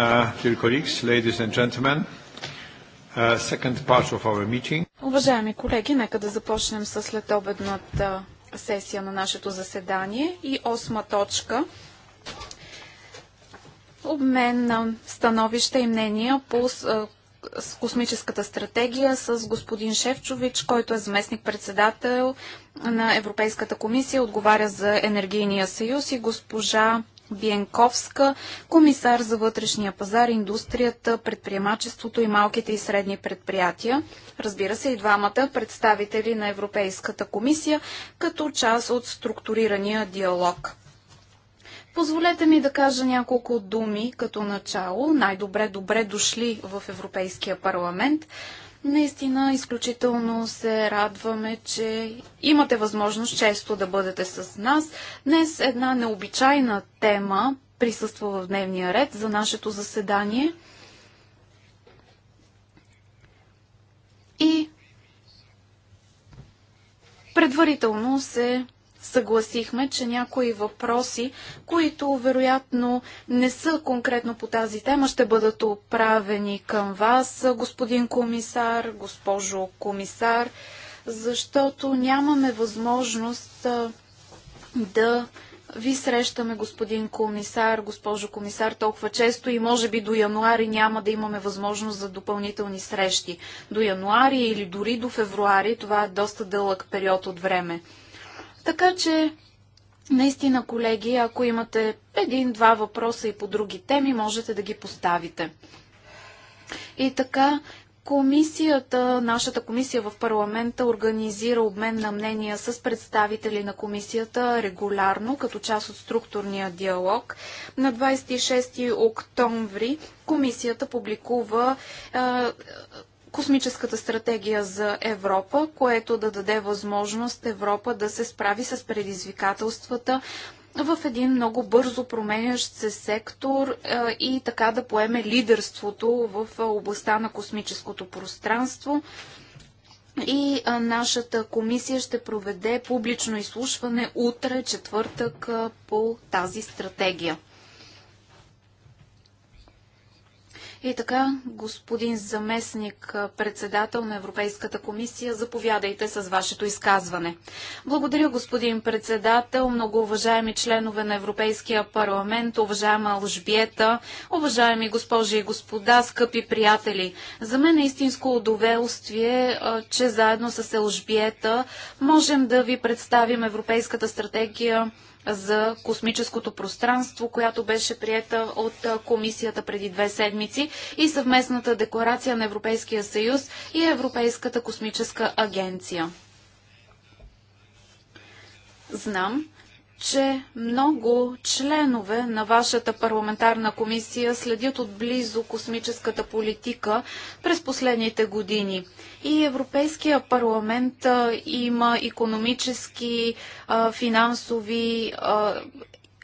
Uh, dear colleagues, ladies and gentlemen, uh, second part of our meeting. Уважаеми колеги, нека да започнем с следобедната сесия на нашето заседание и осма точка обмен на становища и мнения по космическата стратегия с господин Шевчович, който е заместник-председател на Европейската комисия, отговаря за енергийния съюз и госпожа Биенковска, комисар за вътрешния пазар, индустрията, предприемачеството и малките и средни предприятия. Разбира се, и двамата представители на Европейската комисия като част от структурирания диалог. Позволете ми да кажа няколко думи като начало. Най-добре добре дошли в Европейския парламент. Наистина, изключително се радваме, че имате възможност често да бъдете с нас. Днес една необичайна тема присъства в дневния ред за нашето заседание. И предварително се съгласихме, че някои въпроси, които вероятно не са конкретно по тази тема, ще бъдат отправени към вас, господин комисар, госпожо комисар, защото нямаме възможност да ви срещаме, господин комисар, госпожо комисар, толкова често и може би до януари няма да имаме възможност за допълнителни срещи. До януари или дори до февруари това е доста дълъг период от време. Така че, наистина, колеги, ако имате един-два въпроса и по други теми, можете да ги поставите. И така, Комисията, нашата комисия в парламента организира обмен на мнения с представители на комисията регулярно, като част от структурния диалог. На 26 октомври комисията публикува е, космическата стратегия за Европа, което да даде възможност Европа да се справи с предизвикателствата в един много бързо променящ се сектор е, и така да поеме лидерството в е, областта на космическото пространство. И е, нашата комисия ще проведе публично изслушване утре, четвъртък, по тази стратегия. И така, господин заместник председател на Европейската комисия, заповядайте с вашето изказване. Благодаря, господин председател, много уважаеми членове на Европейския парламент, уважаема лъжбиета, уважаеми госпожи и господа, скъпи приятели. За мен е истинско удоволствие, че заедно с Елжбиета можем да ви представим Европейската стратегия за космическото пространство, която беше приета от комисията преди две седмици и съвместната декларация на Европейския съюз и Европейската космическа агенция. Знам, че много членове на вашата парламентарна комисия следят отблизо космическата политика през последните години. И Европейския парламент има економически, финансови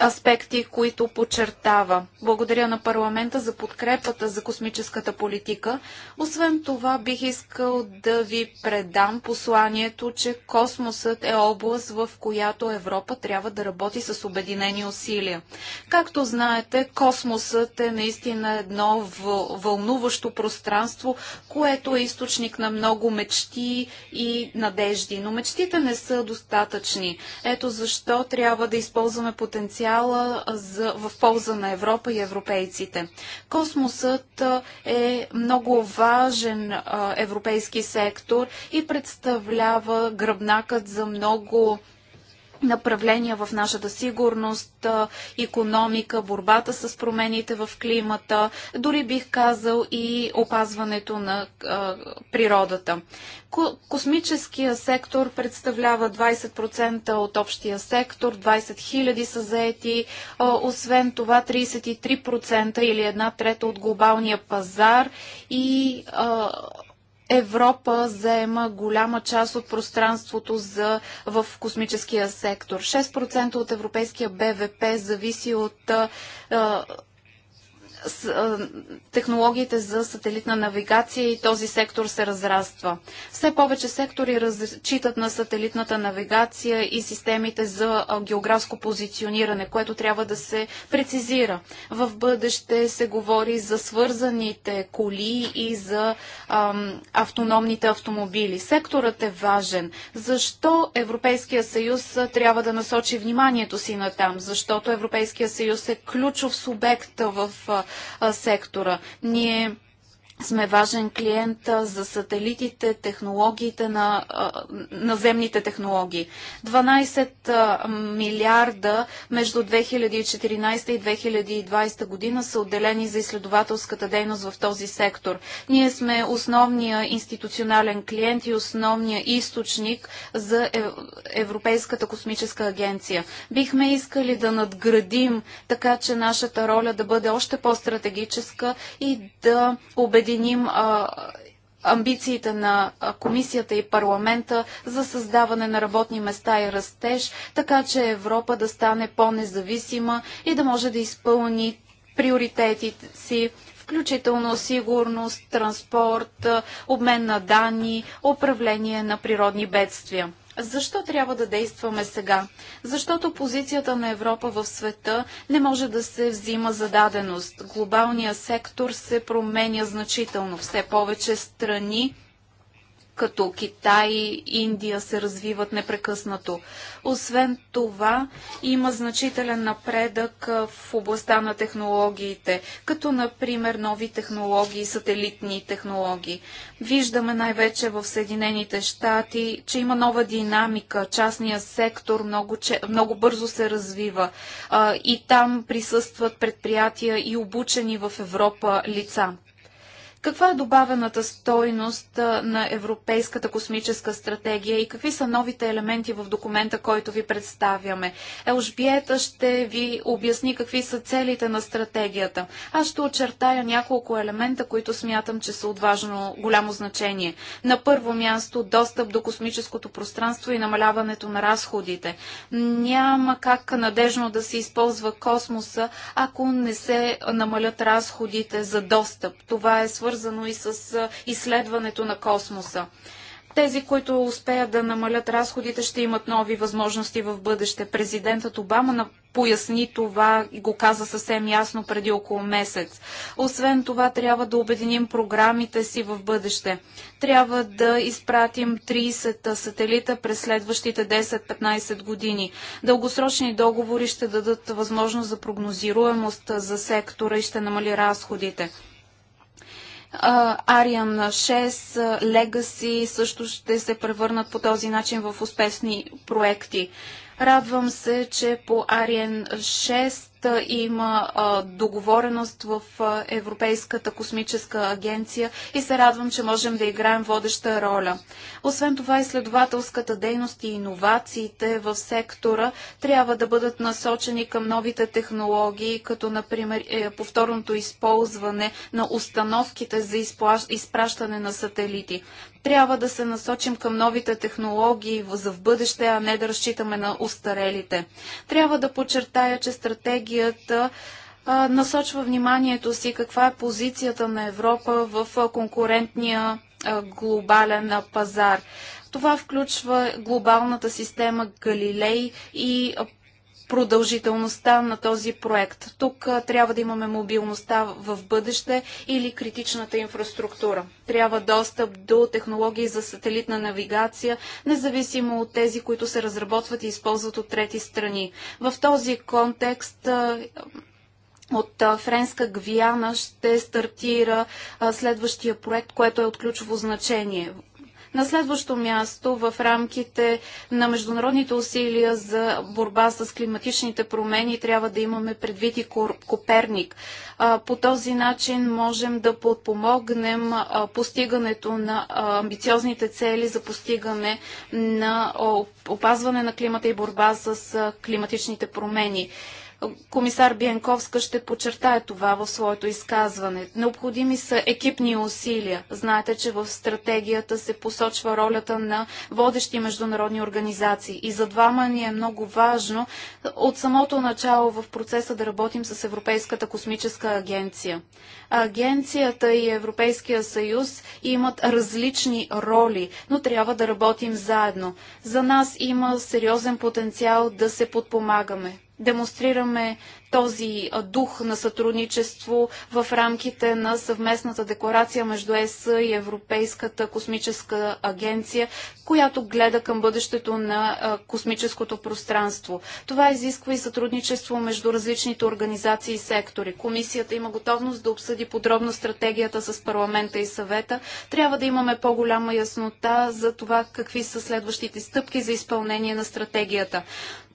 аспекти, които подчертава. Благодаря на парламента за подкрепата за космическата политика. Освен това, бих искал да ви предам посланието, че космосът е област, в която Европа трябва да работи с обединени усилия. Както знаете, космосът е наистина едно вълнуващо пространство, което е източник на много мечти и надежди. Но мечтите не са достатъчни. Ето защо трябва да използваме потенциал потенциала в полза на Европа и европейците. Космосът е много важен европейски сектор и представлява гръбнакът за много направления в нашата сигурност, економика, борбата с промените в климата, дори бих казал и опазването на природата. Космическия сектор представлява 20% от общия сектор, 20 хиляди са заети, освен това 33% или една трета от глобалния пазар и а, Европа заема голяма част от пространството за, в космическия сектор. 6% от европейския БВП зависи от а, с, а, технологиите за сателитна навигация и този сектор се разраства. Все повече сектори разчитат на сателитната навигация и системите за а, географско позициониране, което трябва да се прецизира. В бъдеще се говори за свързаните коли и за а, автономните автомобили. Секторът е важен. Защо Европейския съюз трябва да насочи вниманието си на там? Защото Европейския съюз е ключов субект в а, сектора. Ние сме важен клиент за сателитите, технологиите на наземните технологии. 12 милиарда между 2014 и 2020 година са отделени за изследователската дейност в този сектор. Ние сме основния институционален клиент и основния източник за е, Европейската космическа агенция. Бихме искали да надградим така, че нашата роля да бъде още по-стратегическа и да убедим обединим амбициите на комисията и парламента за създаване на работни места и растеж, така че Европа да стане по-независима и да може да изпълни приоритетите си включително сигурност, транспорт, обмен на данни, управление на природни бедствия. Защо трябва да действаме сега? Защото позицията на Европа в света не може да се взима за даденост. Глобалният сектор се променя значително. Все повече страни като Китай и Индия се развиват непрекъснато. Освен това, има значителен напредък в областта на технологиите, като например нови технологии, сателитни технологии. Виждаме най-вече в Съединените щати, че има нова динамика, частния сектор много, много бързо се развива и там присъстват предприятия и обучени в Европа лица. Каква е добавената стойност на Европейската космическа стратегия и какви са новите елементи в документа, който ви представяме? Елжбиета ще ви обясни какви са целите на стратегията. Аз ще очертая няколко елемента, които смятам, че са от важно голямо значение. На първо място достъп до космическото пространство и намаляването на разходите. Няма как надежно да се използва космоса, ако не се намалят разходите за достъп. Това е свързано свързано и с изследването на космоса. Тези, които успеят да намалят разходите, ще имат нови възможности в бъдеще. Президентът Обама поясни това и го каза съвсем ясно преди около месец. Освен това, трябва да обединим програмите си в бъдеще. Трябва да изпратим 30 сателита през следващите 10-15 години. Дългосрочни договори ще дадат възможност за прогнозируемост за сектора и ще намали разходите. Ариан 6, Legacy също ще се превърнат по този начин в успешни проекти. Радвам се, че по Ариан 6 има договореност в Европейската космическа агенция и се радвам, че можем да играем водеща роля. Освен това, изследователската дейност и иновациите в сектора трябва да бъдат насочени към новите технологии, като например е, повторното използване на установките за изпращане на сателити. Трябва да се насочим към новите технологии за в бъдеще, а не да разчитаме на устарелите. Трябва да подчертая, че стратегията насочва вниманието си каква е позицията на Европа в конкурентния глобален пазар. Това включва глобалната система Галилей и продължителността на този проект. Тук трябва да имаме мобилността в бъдеще или критичната инфраструктура. Трябва достъп до технологии за сателитна навигация, независимо от тези, които се разработват и използват от трети страни. В този контекст от Френска Гвиана ще стартира следващия проект, което е от ключово значение. На следващо място в рамките на международните усилия за борба с климатичните промени трябва да имаме предвид и Коперник. По този начин можем да подпомогнем постигането на амбициозните цели за постигане на опазване на климата и борба с климатичните промени. Комисар Биенковска ще подчертае това в своето изказване. Необходими са екипни усилия. Знаете, че в стратегията се посочва ролята на водещи международни организации. И за двама ни е много важно от самото начало в процеса да работим с Европейската космическа агенция. Агенцията и Европейския съюз имат различни роли, но трябва да работим заедно. За нас има сериозен потенциал да се подпомагаме демонстрираме този дух на сътрудничество в рамките на съвместната декларация между ЕС и Европейската космическа агенция, която гледа към бъдещето на космическото пространство. Това изисква и сътрудничество между различните организации и сектори. Комисията има готовност да обсъди подробно стратегията с парламента и съвета. Трябва да имаме по-голяма яснота за това какви са следващите стъпки за изпълнение на стратегията.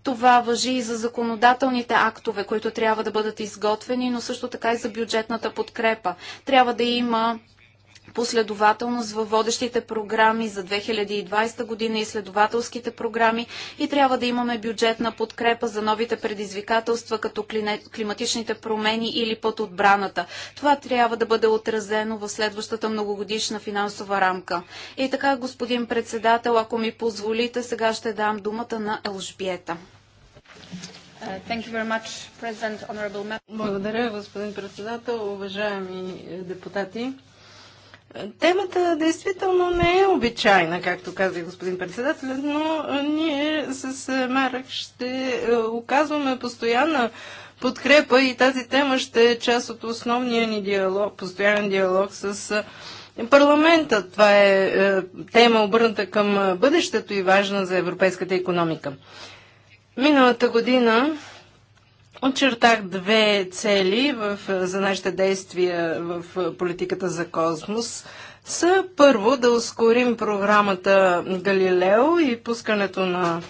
Това въжи и за законодателните актове, които трябва да бъдат изготвени, но също така и за бюджетната подкрепа. Трябва да има последователност във водещите програми за 2020 година и следователските програми и трябва да имаме бюджетна подкрепа за новите предизвикателства, като климатичните промени или път отбраната. Това трябва да бъде отразено в следващата многогодишна финансова рамка. И така, господин председател, ако ми позволите, сега ще дам думата на Елжбиета. Благодаря, господин председател, уважаеми депутати. Темата действително не е обичайна, както каза и господин председател, но ние с е, Марък ще е, оказваме постоянна подкрепа и тази тема ще е част от основния ни диалог, постоянен диалог с е, парламента. Това е тема обърната към бъдещето и важна за европейската економика. Миналата година Очертах две цели в, за нашите действия в политиката за космос. Са първо да ускорим програмата Галилео и пускането на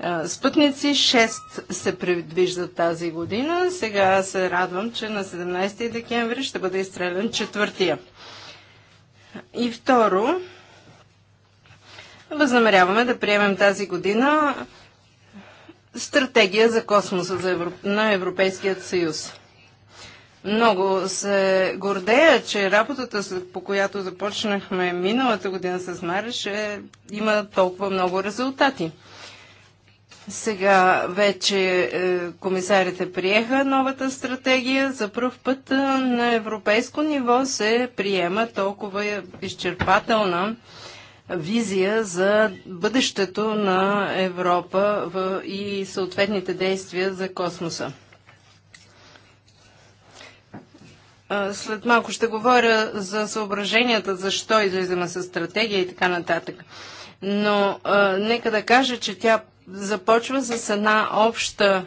а, спътници. Шест се предвижда тази година. Сега се радвам, че на 17 декември ще бъде изстрелян четвъртия. И второ, възнамеряваме да приемем тази година стратегия за космоса за Европ... на Европейският съюз. Много се гордея, че работата, по която започнахме миналата година с Мариш, е, има толкова много резултати. Сега вече е, комисарите приеха новата стратегия. За първ път е, на европейско ниво се приема толкова изчерпателна е, визия за бъдещето на Европа и съответните действия за космоса. След малко ще говоря за съображенията, защо излизаме с стратегия и така нататък. Но а, нека да кажа, че тя започва с една обща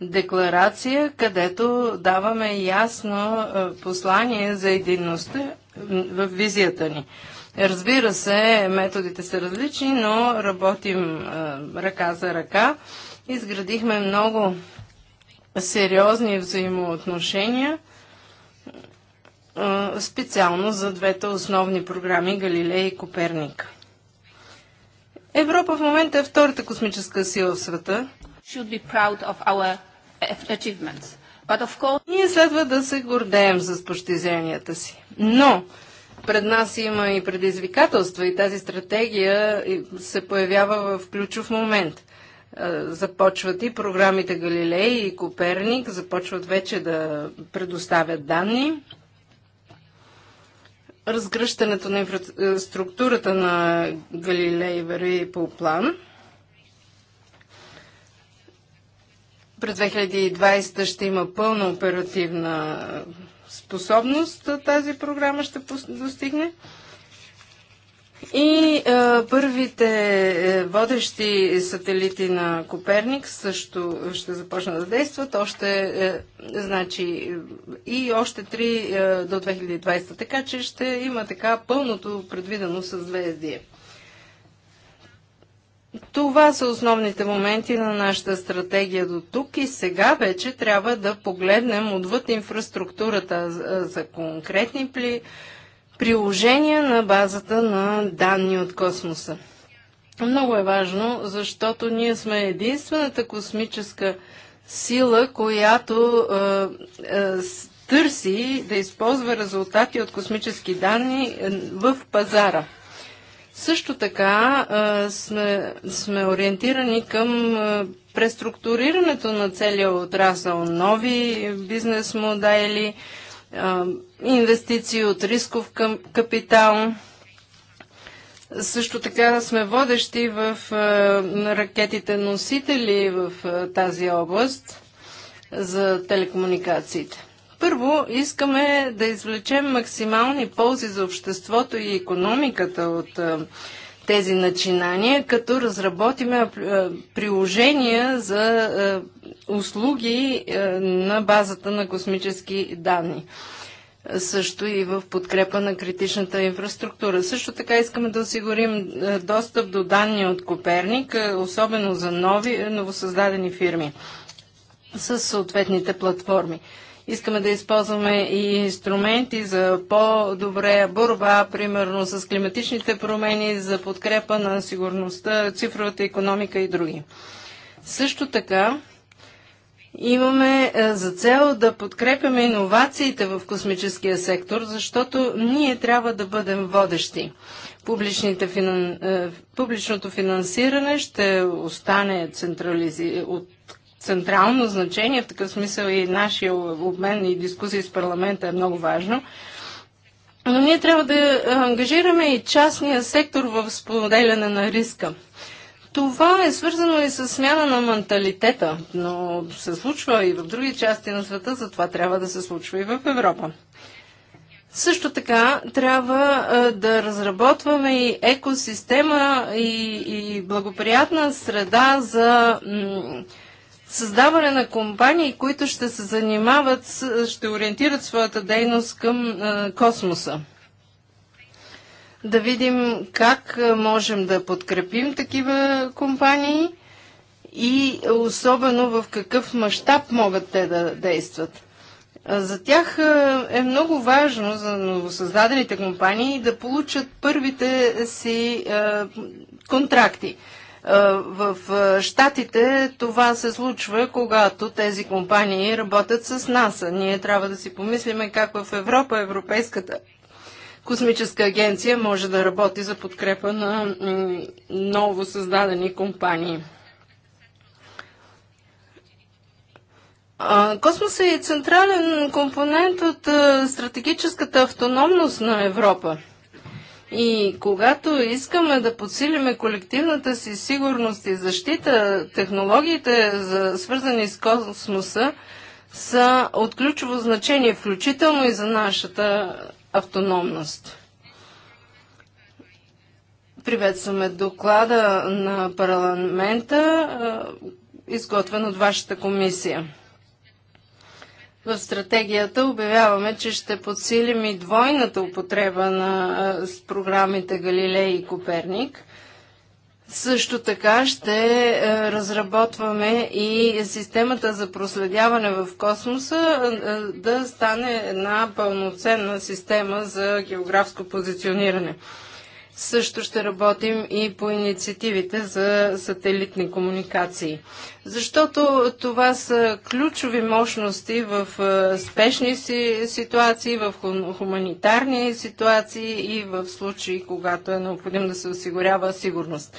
декларация, където даваме ясно послание за единността в визията ни. А, Разбира се, методите са различни, но работим ръка за ръка. Изградихме много сериозни взаимоотношения специално за двете основни програми Галилей и Коперник. Европа в момента е втората космическа сила в света. Course... Ние следва да се гордеем с постиженията си. Но пред нас има и предизвикателства и тази стратегия се появява в ключов момент. Е, започват и програмите Галилей и Коперник, започват вече да предоставят данни. Разгръщането на инфраструктурата е, на Галилей върви по план. През 2020 ще има пълна оперативна способност тази програма ще достигне. И а, първите е, водещи сателити на Коперник също ще започнат да действат. Още, е, значи, и още три е, до 2020. Така че ще има така пълното предвидено съзвездие. Това са основните моменти на нашата стратегия до тук и сега вече трябва да погледнем отвъд инфраструктурата за конкретни приложения на базата на данни от космоса. Много е важно, защото ние сме единствената космическа сила, която е, е, търси да използва резултати от космически данни е, в пазара. Също така сме, сме ориентирани към преструктурирането на целия отрасъл, нови бизнес модели, инвестиции от рисков капитал. Също така сме водещи в ракетите носители в тази област за телекомуникациите. Първо, искаме да извлечем максимални ползи за обществото и економиката от тези начинания, като разработиме приложения за услуги на базата на космически данни. Също и в подкрепа на критичната инфраструктура. Също така искаме да осигурим достъп до данни от Коперник, особено за нови, новосъздадени фирми с съответните платформи. Искаме да използваме и инструменти за по-добре борба, примерно с климатичните промени, за подкрепа на сигурността, цифровата економика и други. Също така, имаме е, за цел да подкрепяме иновациите в космическия сектор, защото ние трябва да бъдем водещи. Финан... Е, публичното финансиране ще остане централизи... от централно значение, в такъв смисъл и нашия обмен и дискусии с парламента е много важно. Но ние трябва да ангажираме и частния сектор в споделяне на риска. Това е свързано и с смяна на менталитета, но се случва и в други части на света, затова трябва да се случва и в Европа. Също така трябва да разработваме и екосистема и, и благоприятна среда за създаване на компании, които ще се занимават, ще ориентират своята дейност към космоса. Да видим как можем да подкрепим такива компании и особено в какъв мащаб могат те да действат. За тях е много важно за новосъздадените компании да получат първите си контракти. Е, в е, Штатите това се случва, когато тези компании работят с НАСА. Ние трябва да си помислиме как в Европа Европейската космическа агенция може да работи за подкрепа на ново създадени компании. Космосът е централен компонент от е, стратегическата автономност на Европа – и когато искаме да подсилиме колективната си сигурност и защита, технологиите, за, свързани с космоса, са от ключово значение, включително и за нашата автономност. Приветстваме доклада на парламента, изготвен от вашата комисия. В стратегията обявяваме, че ще подсилим и двойната употреба на с програмите Галилей и Коперник. Също така ще разработваме и системата за проследяване в космоса да стане една пълноценна система за географско позициониране. Също ще работим и по инициативите за сателитни комуникации. Защото това са ключови мощности в е, спешни ситуации, в хуманитарни ситуации и в случаи, когато е необходимо да се осигурява сигурност.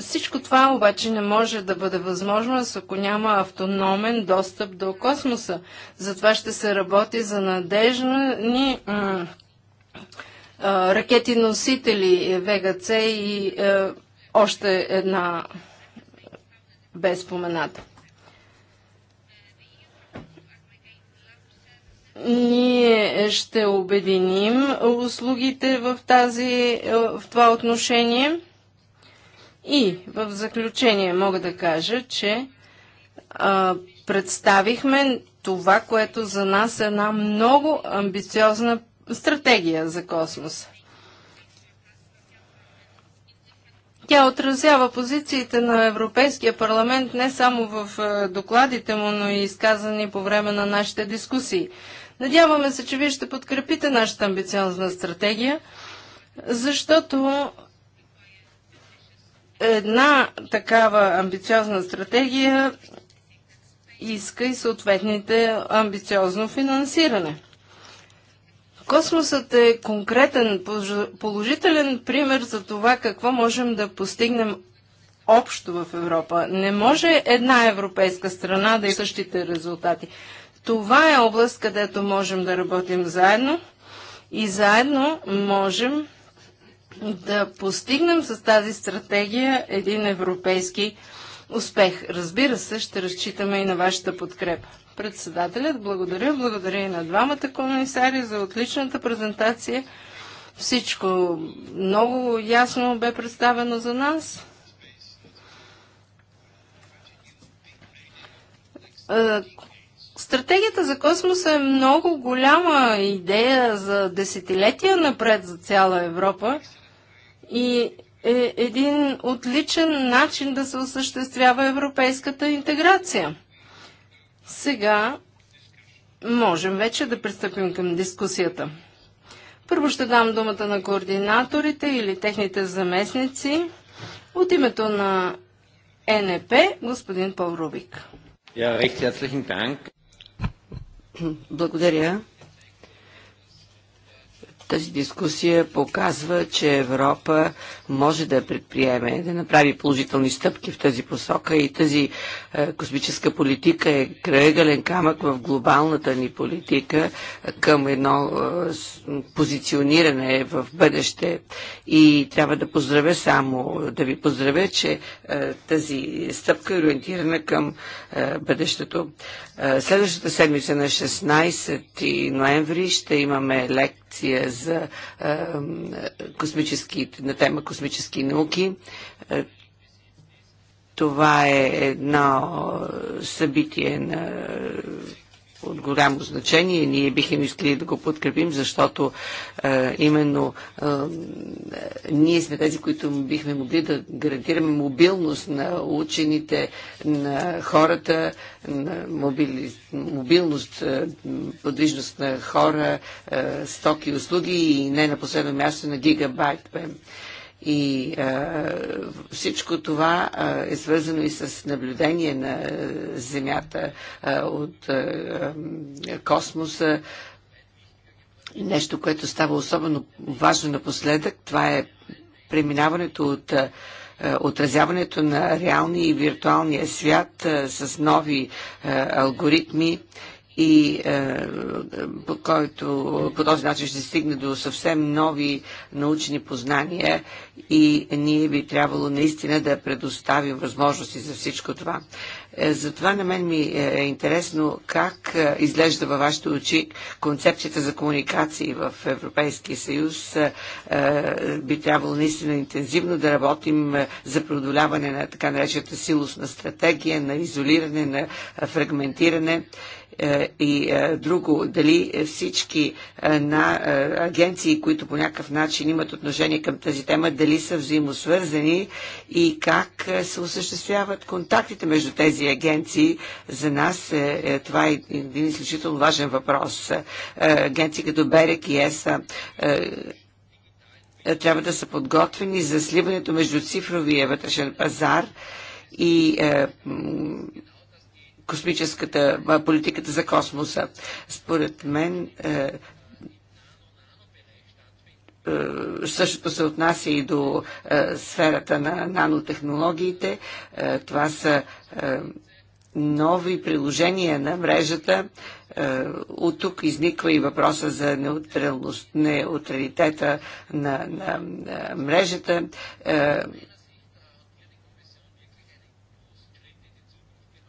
Всичко това обаче не може да бъде възможно, ако няма автономен достъп до космоса. Затова ще се работи за надежни ракети носители е ВГЦ е и е, още една без спомената. Ние ще обединим услугите в, тази, е, в това отношение и в заключение мога да кажа, че а, представихме това, което за нас е една много амбициозна стратегия за космоса. Тя отразява позициите на Европейския парламент не само в е, докладите му, но и изказани по време на нашите дискусии. Надяваме се, че вие ще подкрепите нашата амбициозна стратегия, защото една такава амбициозна стратегия иска и съответните амбициозно финансиране. Космосът е конкретен, положителен пример за това какво можем да постигнем общо в Европа. Не може една европейска страна да има същите резултати. Това е област, където можем да работим заедно и заедно можем да постигнем с тази стратегия един европейски успех. Разбира се, ще разчитаме и на вашата подкрепа. Председателят, благодаря. Благодаря и на двамата комисари за отличната презентация. Всичко много ясно бе представено за нас. Стратегията за космоса е много голяма идея за десетилетия напред за цяла Европа и е един отличен начин да се осъществява европейската интеграция. Сега можем вече да пристъпим към дискусията. Първо ще дам думата на координаторите или техните заместници. От името на НП, господин Павровик. Благодаря. Тази дискусия показва, че Европа може да предприеме, да направи положителни стъпки в тази посока и тази е, космическа политика е крайъгълен камък в глобалната ни политика е, към едно е, позициониране в бъдеще. И трябва да поздравя само, да ви поздравя, че е, тази стъпка е ориентирана към е, бъдещето. Е, следващата седмица на 16 ноември ще имаме лекция за е, космически, на тема космически науки. Е, това е едно събитие на от голямо значение. Ние бихме искали да го подкрепим, защото а, е, именно а, е, ние сме тези, които бихме могли да гарантираме мобилност на учените, на хората, на мобили, мобилност, е, подвижност на хора, а, стоки и услуги и не на последно място на гигабайт. И а, всичко това а, е свързано и с наблюдение на Земята а, от а, космоса. Нещо, което става особено важно напоследък, това е преминаването от а, отразяването на реалния и виртуалния свят а, с нови а, алгоритми и е, по който по този начин ще стигне до съвсем нови научни познания и ние би трябвало наистина да предоставим възможности за всичко това. Е, затова на мен ми е, е интересно как е, изглежда във вашите очи концепцията за комуникации в Европейския съюз. Е, е би трябвало наистина интензивно да работим за преодоляване на така наречената силосна стратегия, на изолиране, на фрагментиране е, и е, друго, дали всички е, на агенции, които по някакъв начин имат отношение към тази тема, дали са взаимосвързани и как се осъществяват контактите между тези агенции. За нас това е един изключително важен въпрос. Агенции като Берек и ЕСА трябва да са подготвени за сливането между цифровия вътрешен пазар и е, космическата политиката за космоса. Според мен е, е, Същото се отнася и до е, сферата на нанотехнологиите. това са нови приложения на мрежата. От тук изниква и въпроса за неутралитета на, на, на мрежата.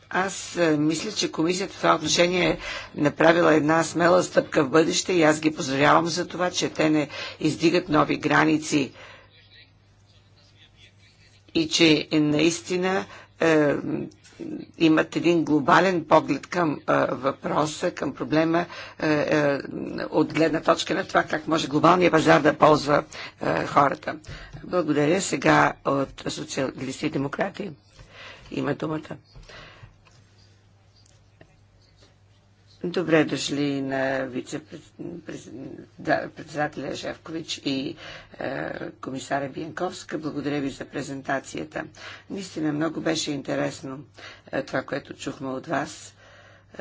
Аз е, мисля, че комисията в това отношение е направила една смела стъпка в бъдеще и аз ги поздравявам за това, че те не издигат нови граници и че наистина е, имат един глобален поглед към е, въпроса, към проблема е, е, от гледна точка на това как може глобалния пазар да ползва е, хората. Благодаря сега от социалисти и демократи. Има думата. Добре дошли на вице-председателя Жевкович и е, комисаря Биенковска. Благодаря ви за презентацията. Наистина много беше интересно е, това, което чухме от вас, е,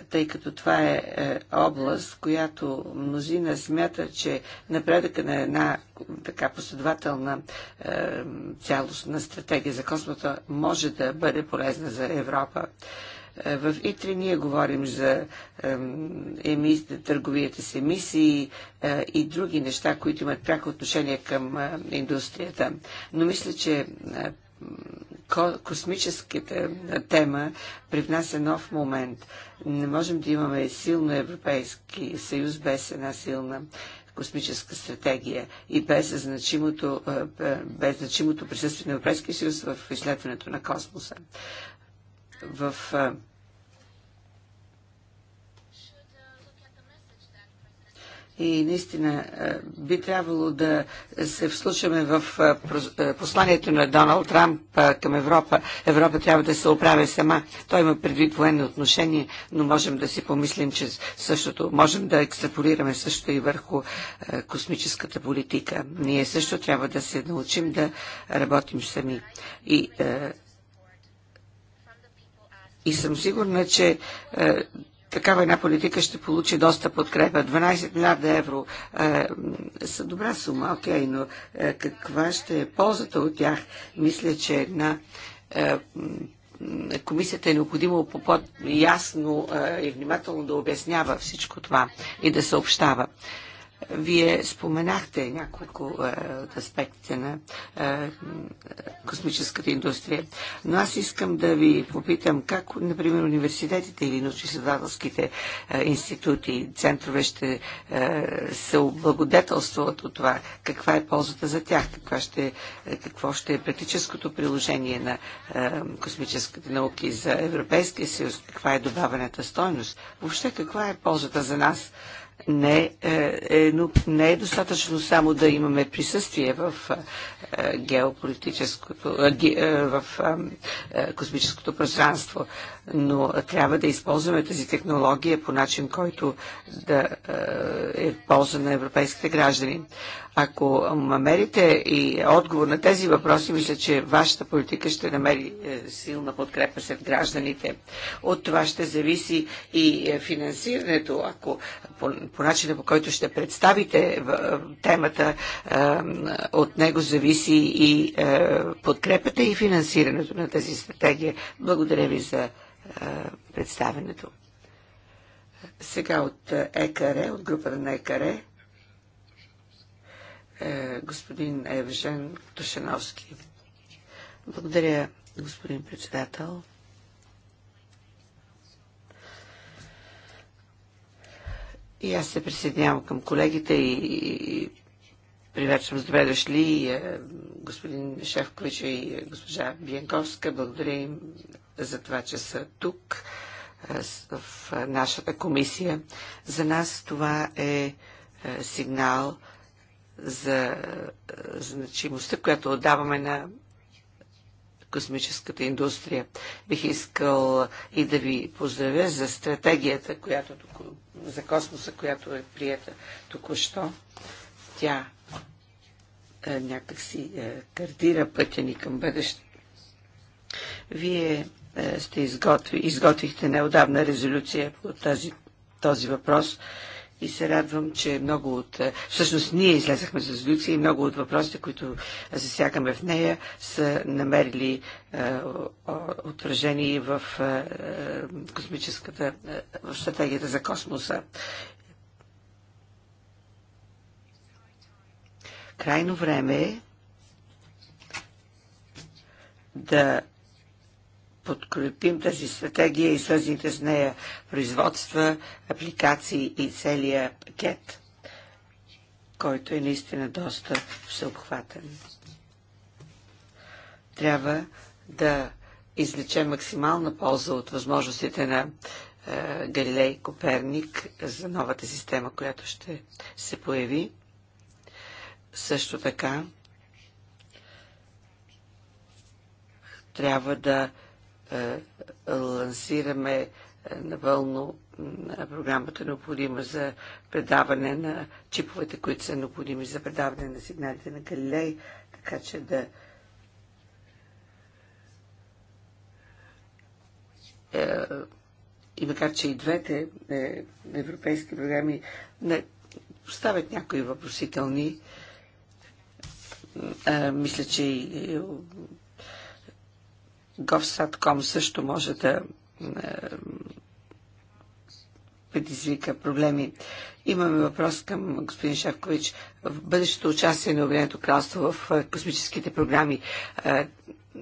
тъй като това е, е област, в която мнозина смята, че напредъка на една така последователна е, цялостна стратегия за космоса може да бъде полезна за Европа. Е, е, в ИТРИ ние говорим за търговията с емисии е, и други неща, които имат пряко отношение към е, индустрията. Но мисля, че космическата тема привнася нов момент. Не можем да имаме силно Европейски съюз без една силна космическа стратегия и без значимото, без значимото присъствие на Европейския съюз в изследването на космоса в И наистина би трябвало да се вслушаме в посланието на Доналд Трамп към Европа. Европа трябва да се оправя сама. Той има предвид военни отношения, но можем да си помислим, че същото, можем да екстраполираме също и върху космическата политика. Ние също трябва да се научим да работим сами. И и съм сигурна, че е, такава една политика ще получи доста подкрепа. 12 милиарда евро е, са добра сума, окей, okay, но е, каква ще е ползата от тях? Мисля, че една е, комисията е необходимо по ясно е, и внимателно да обяснява всичко това и да съобщава. Вие споменахте няколко е, от аспектите на е, космическата индустрия, но аз искам да ви попитам как, например, университетите или научно-изследователските е, институти, центрове ще е, се облагодетелстват от това, каква е ползата за тях, каква ще, е, какво ще е практическото приложение на е, космическите науки за Европейския съюз, каква е добавената стойност, въобще каква е ползата за нас не е, е не е достатъчно само да имаме присъствие в е, е, геополитическото, в космическото пространство но трябва да използваме тази технология по начин, който да е, е в полза на европейските граждани. Ако намерите и отговор на тези въпроси, мисля, че вашата политика ще намери е, силна подкрепа сред гражданите. От това ще зависи и е, финансирането. Ако по, по начина по който ще представите темата, от него зависи и подкрепата и финансирането на тази стратегия. Благодаря ви за представенето. Сега от ЕКР, от групата на ЕКАРЕ, господин Евжен Тушеновски. Благодаря, господин председател. И аз се присъединявам към колегите и приветствам с добре дошли е, господин Шефкович и е, госпожа Биенковска. Благодаря им за това, че са тук в нашата комисия. За нас това е, е сигнал за е, значимостта, която отдаваме на космическата индустрия. Бих искал и да ви поздравя за стратегията, която, за космоса, която е прията току-що. Тя е, някакси картира пътя ни към бъдещето. Вие е, сте изготви, изготвихте неодавна резолюция по тази, този въпрос и се радвам, че много от... Е, всъщност ние излезахме с резолюция и много от въпросите, които засягаме в нея, са намерили е, отражение в е, е космическата... в стратегията за космоса. Крайно време е да подкрепим тази стратегия и свързаните с нея производства, апликации и целия пакет, който е наистина доста всеобхватен. Трябва да извлечем максимална полза от възможностите на е, Галилей Коперник за новата система, която ще се появи. Също така трябва да е, лансираме е, напълно е, програмата необходима за предаване на чиповете, които са необходими за предаване на сигналите на Галилей, така че да и макар, че и двете европейски програми не поставят някои въпросителни, мисля, че и gov.com също може да е, предизвика проблеми. Имаме въпрос към господин Шевкович. В бъдещето участие на Обединеното кралство в е, космическите програми е,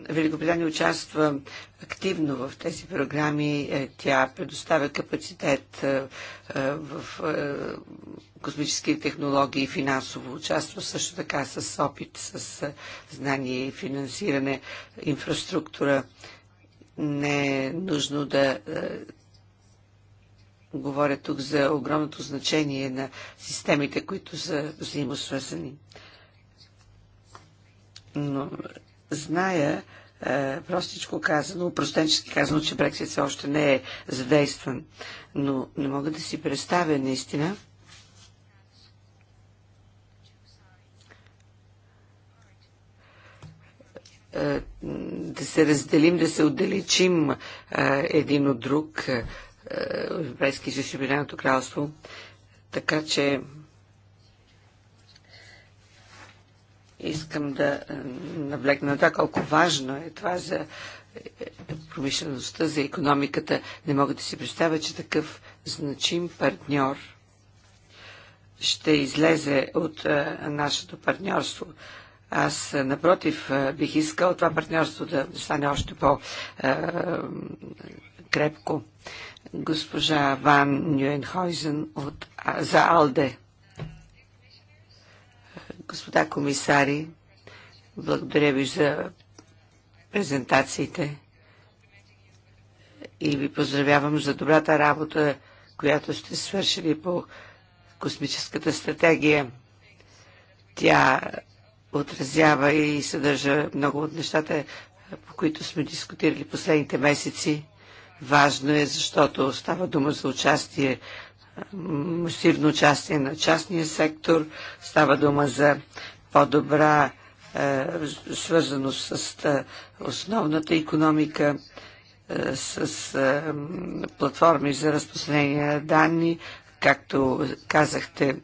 Великобритания участва активно в тези програми. Е, тя предоставя капацитет е, е, в космически технологии и финансово участва, също така с опит, с знание и финансиране, инфраструктура. Не е нужно да говоря тук за огромното значение на системите, които са взаимосвързани. Но зная, е, простичко казано, простенчески казано, че Брексит все още не е задействан. Но не мога да си представя наистина. Е, да се разделим, да се отдалечим е, един от друг, Европейски съюз и Обединеното кралство. Така че Искам да е, навлегна на това колко важно е това за е, промишлеността, за економиката. Не мога да си представя, че такъв значим партньор ще излезе от а, е, нашето партньорство. Аз, напротив, бих искал това партньорство да стане още по-крепко. Госпожа Ван Нюенхойзен от, а, за Алде господа комисари, благодаря ви за презентациите и ви поздравявам за добрата работа, която сте свършили по космическата стратегия. Тя отразява и съдържа много от нещата, по които сме дискутирали последните месеци. Важно е, защото става дума за участие масивно участие на частния сектор. Става дума за по-добра е, свързаност с е, основната економика, е, с платформи за разпространение на данни, както казахте,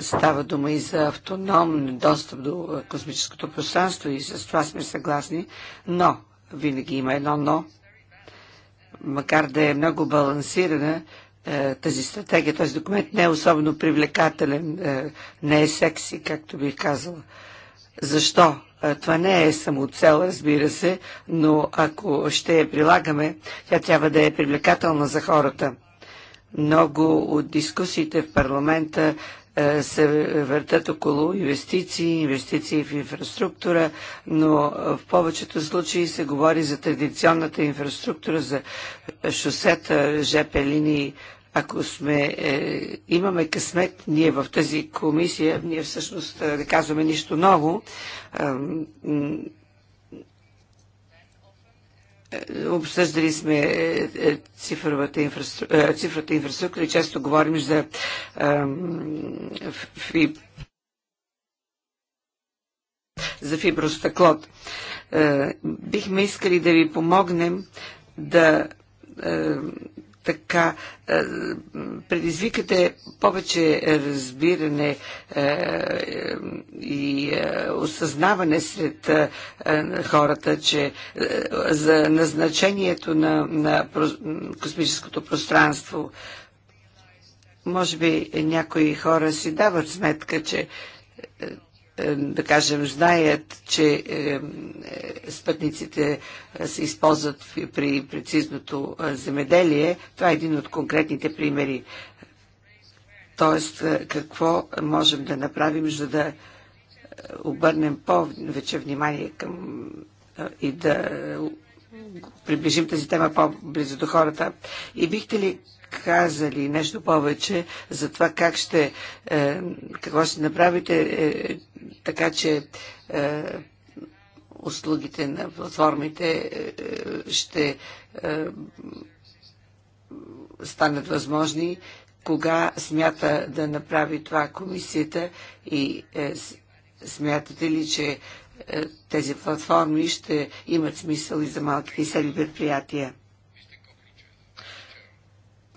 става дума и за автономен достъп до космическото пространство и с това сме съгласни, но винаги има едно но – макар да е много балансирана, е, тази стратегия, този документ не е особено привлекателен, е, не е секси, както бих казала. Защо? Е, това не е само цел, разбира се, но ако ще я прилагаме, тя трябва да е привлекателна за хората. Много от дискусиите в парламента е, се въртат около инвестиции, инвестиции в инфраструктура, но е, в повечето случаи се говори за традиционната инфраструктура, за шосета, ЖП линии. Ако сме, е, имаме късмет, ние в тази комисия, ние всъщност не казваме нищо ново. Е, Обсъждали сме е, е, цифровата инфраструктура, е, инфраструктура и често говорим за за фибростъклот. Бихме искали да ви помогнем да така е, предизвикате повече разбиране е, е, и осъзнаване сред хората, че за назначението на, на космическото пространство може би някои хора си дават сметка, че да кажем, знаят, че е, спътниците е, се използват при прецизното е, земеделие. Това е един от конкретните примери. Тоест, какво можем да направим, за да обърнем повече внимание към и да приближим тази тема по-близо до хората. И бихте ли казали нещо повече за това как ще, е, какво ще направите е, така, че е, услугите на платформите ще станат възможни, кога смята да направи това комисията и смятате ли, че тези платформи ще имат смисъл и за малките и сели предприятия?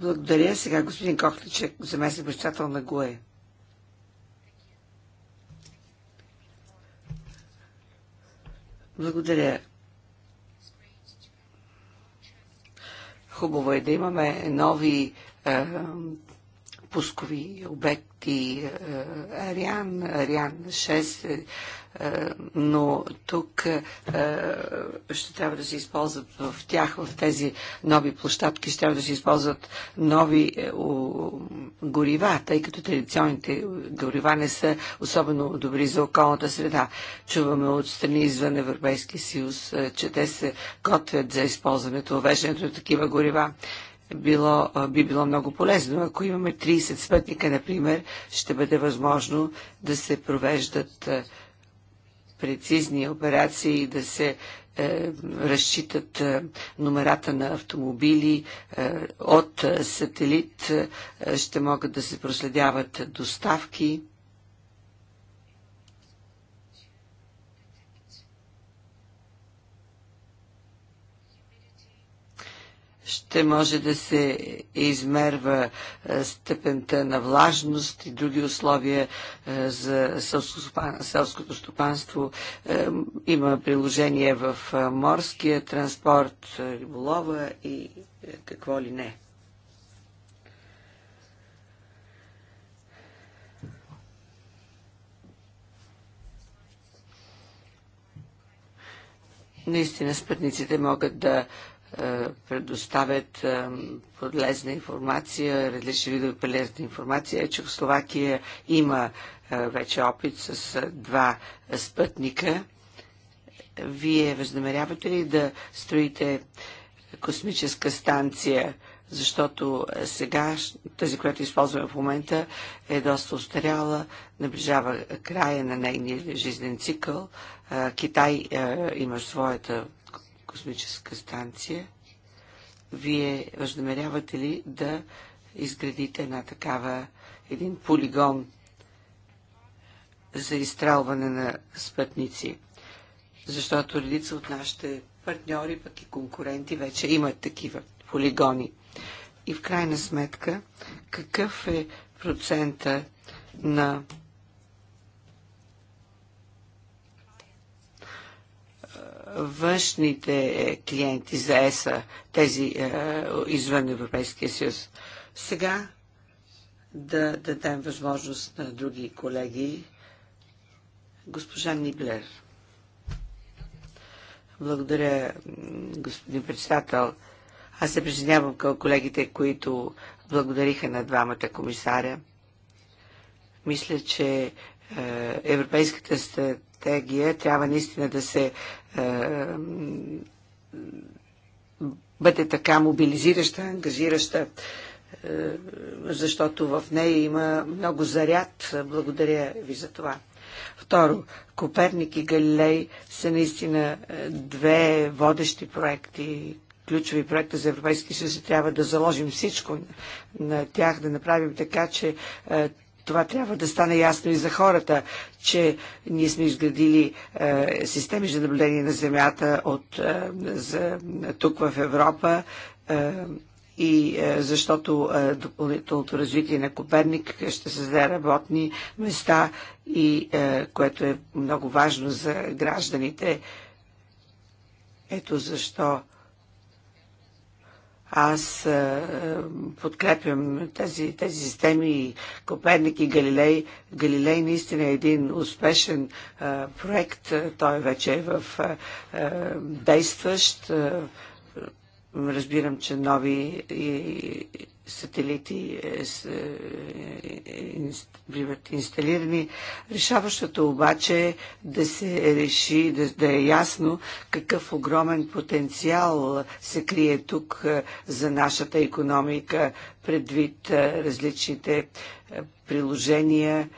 Благодаря. Сега господин Кохличек, заместник председател на ГУЕ. Благодаря. Хубаво е да имаме нови пускови обекти е, Ариан, Ариан 6, е, е, но тук ще трябва да се използват в тях, в тези нови площадки, ще трябва да се използват нови горива, тъй като традиционните горива не са особено добри за околната среда. Чуваме от страни извън Европейския съюз, че те се готвят за използването, веждането на такива горива било, би било много полезно. Ако имаме 30 спътника, например, ще бъде възможно да се провеждат прецизни операции, да се е, разчитат е, номерата на автомобили е, от сателит, е, ще могат да се проследяват доставки. ще може да се измерва е, степента на влажност и други условия е, за селското стопанство. Е, има приложение в морския транспорт, риболова и какво ли не. наистина спътниците могат да е, предоставят е, полезна информация, различни видове полезна информация. Е, Чехословакия има вече опит с два спътника. Вие възнамерявате ли да строите космическа станция, защото сега тази, която използваме в момента, е доста устаряла, наближава края на нейния жизнен цикъл. Китай има своята космическа станция. Вие възнамерявате ли да изградите една такава, един полигон за изстрелване на спътници? Защото редица от нашите партньори, пък и конкуренти вече имат такива полигони. И в крайна сметка, какъв е процента на външните клиенти за ЕСА, тези е, извън Европейския съюз. Сега да дадем възможност на други колеги. Госпожа Ниблер. Благодаря, господин председател. Аз се присъединявам към колегите, които благодариха на двамата комисаря. Мисля, че е, Европейската стратегия трябва наистина да се е, бъде така мобилизираща, ангажираща, е, защото в нея има много заряд. Благодаря ви за това. Второ, Коперник и Галилей са наистина е, две водещи проекти, ключови проекти за Европейски съюз и трябва да заложим всичко на тях, да направим така, че това трябва да стане ясно и за хората, че ние сме изградили е, системи за наблюдение на Земята от, е, за, тук в Европа. Е, и е, защото е, допълнителното развитие на Коперник ще създаде работни места и е, което е много важно за гражданите. Ето защо аз е, е, подкрепям тези, тези системи Коперник и Галилей. Галилей наистина е един успешен е, проект. Той вече е в действащ Разбирам, че нови е, сателити биват е, е, инсталирани. Решаващото обаче е да се реши, да, да е ясно какъв огромен потенциал се крие тук за нашата економика предвид различните приложения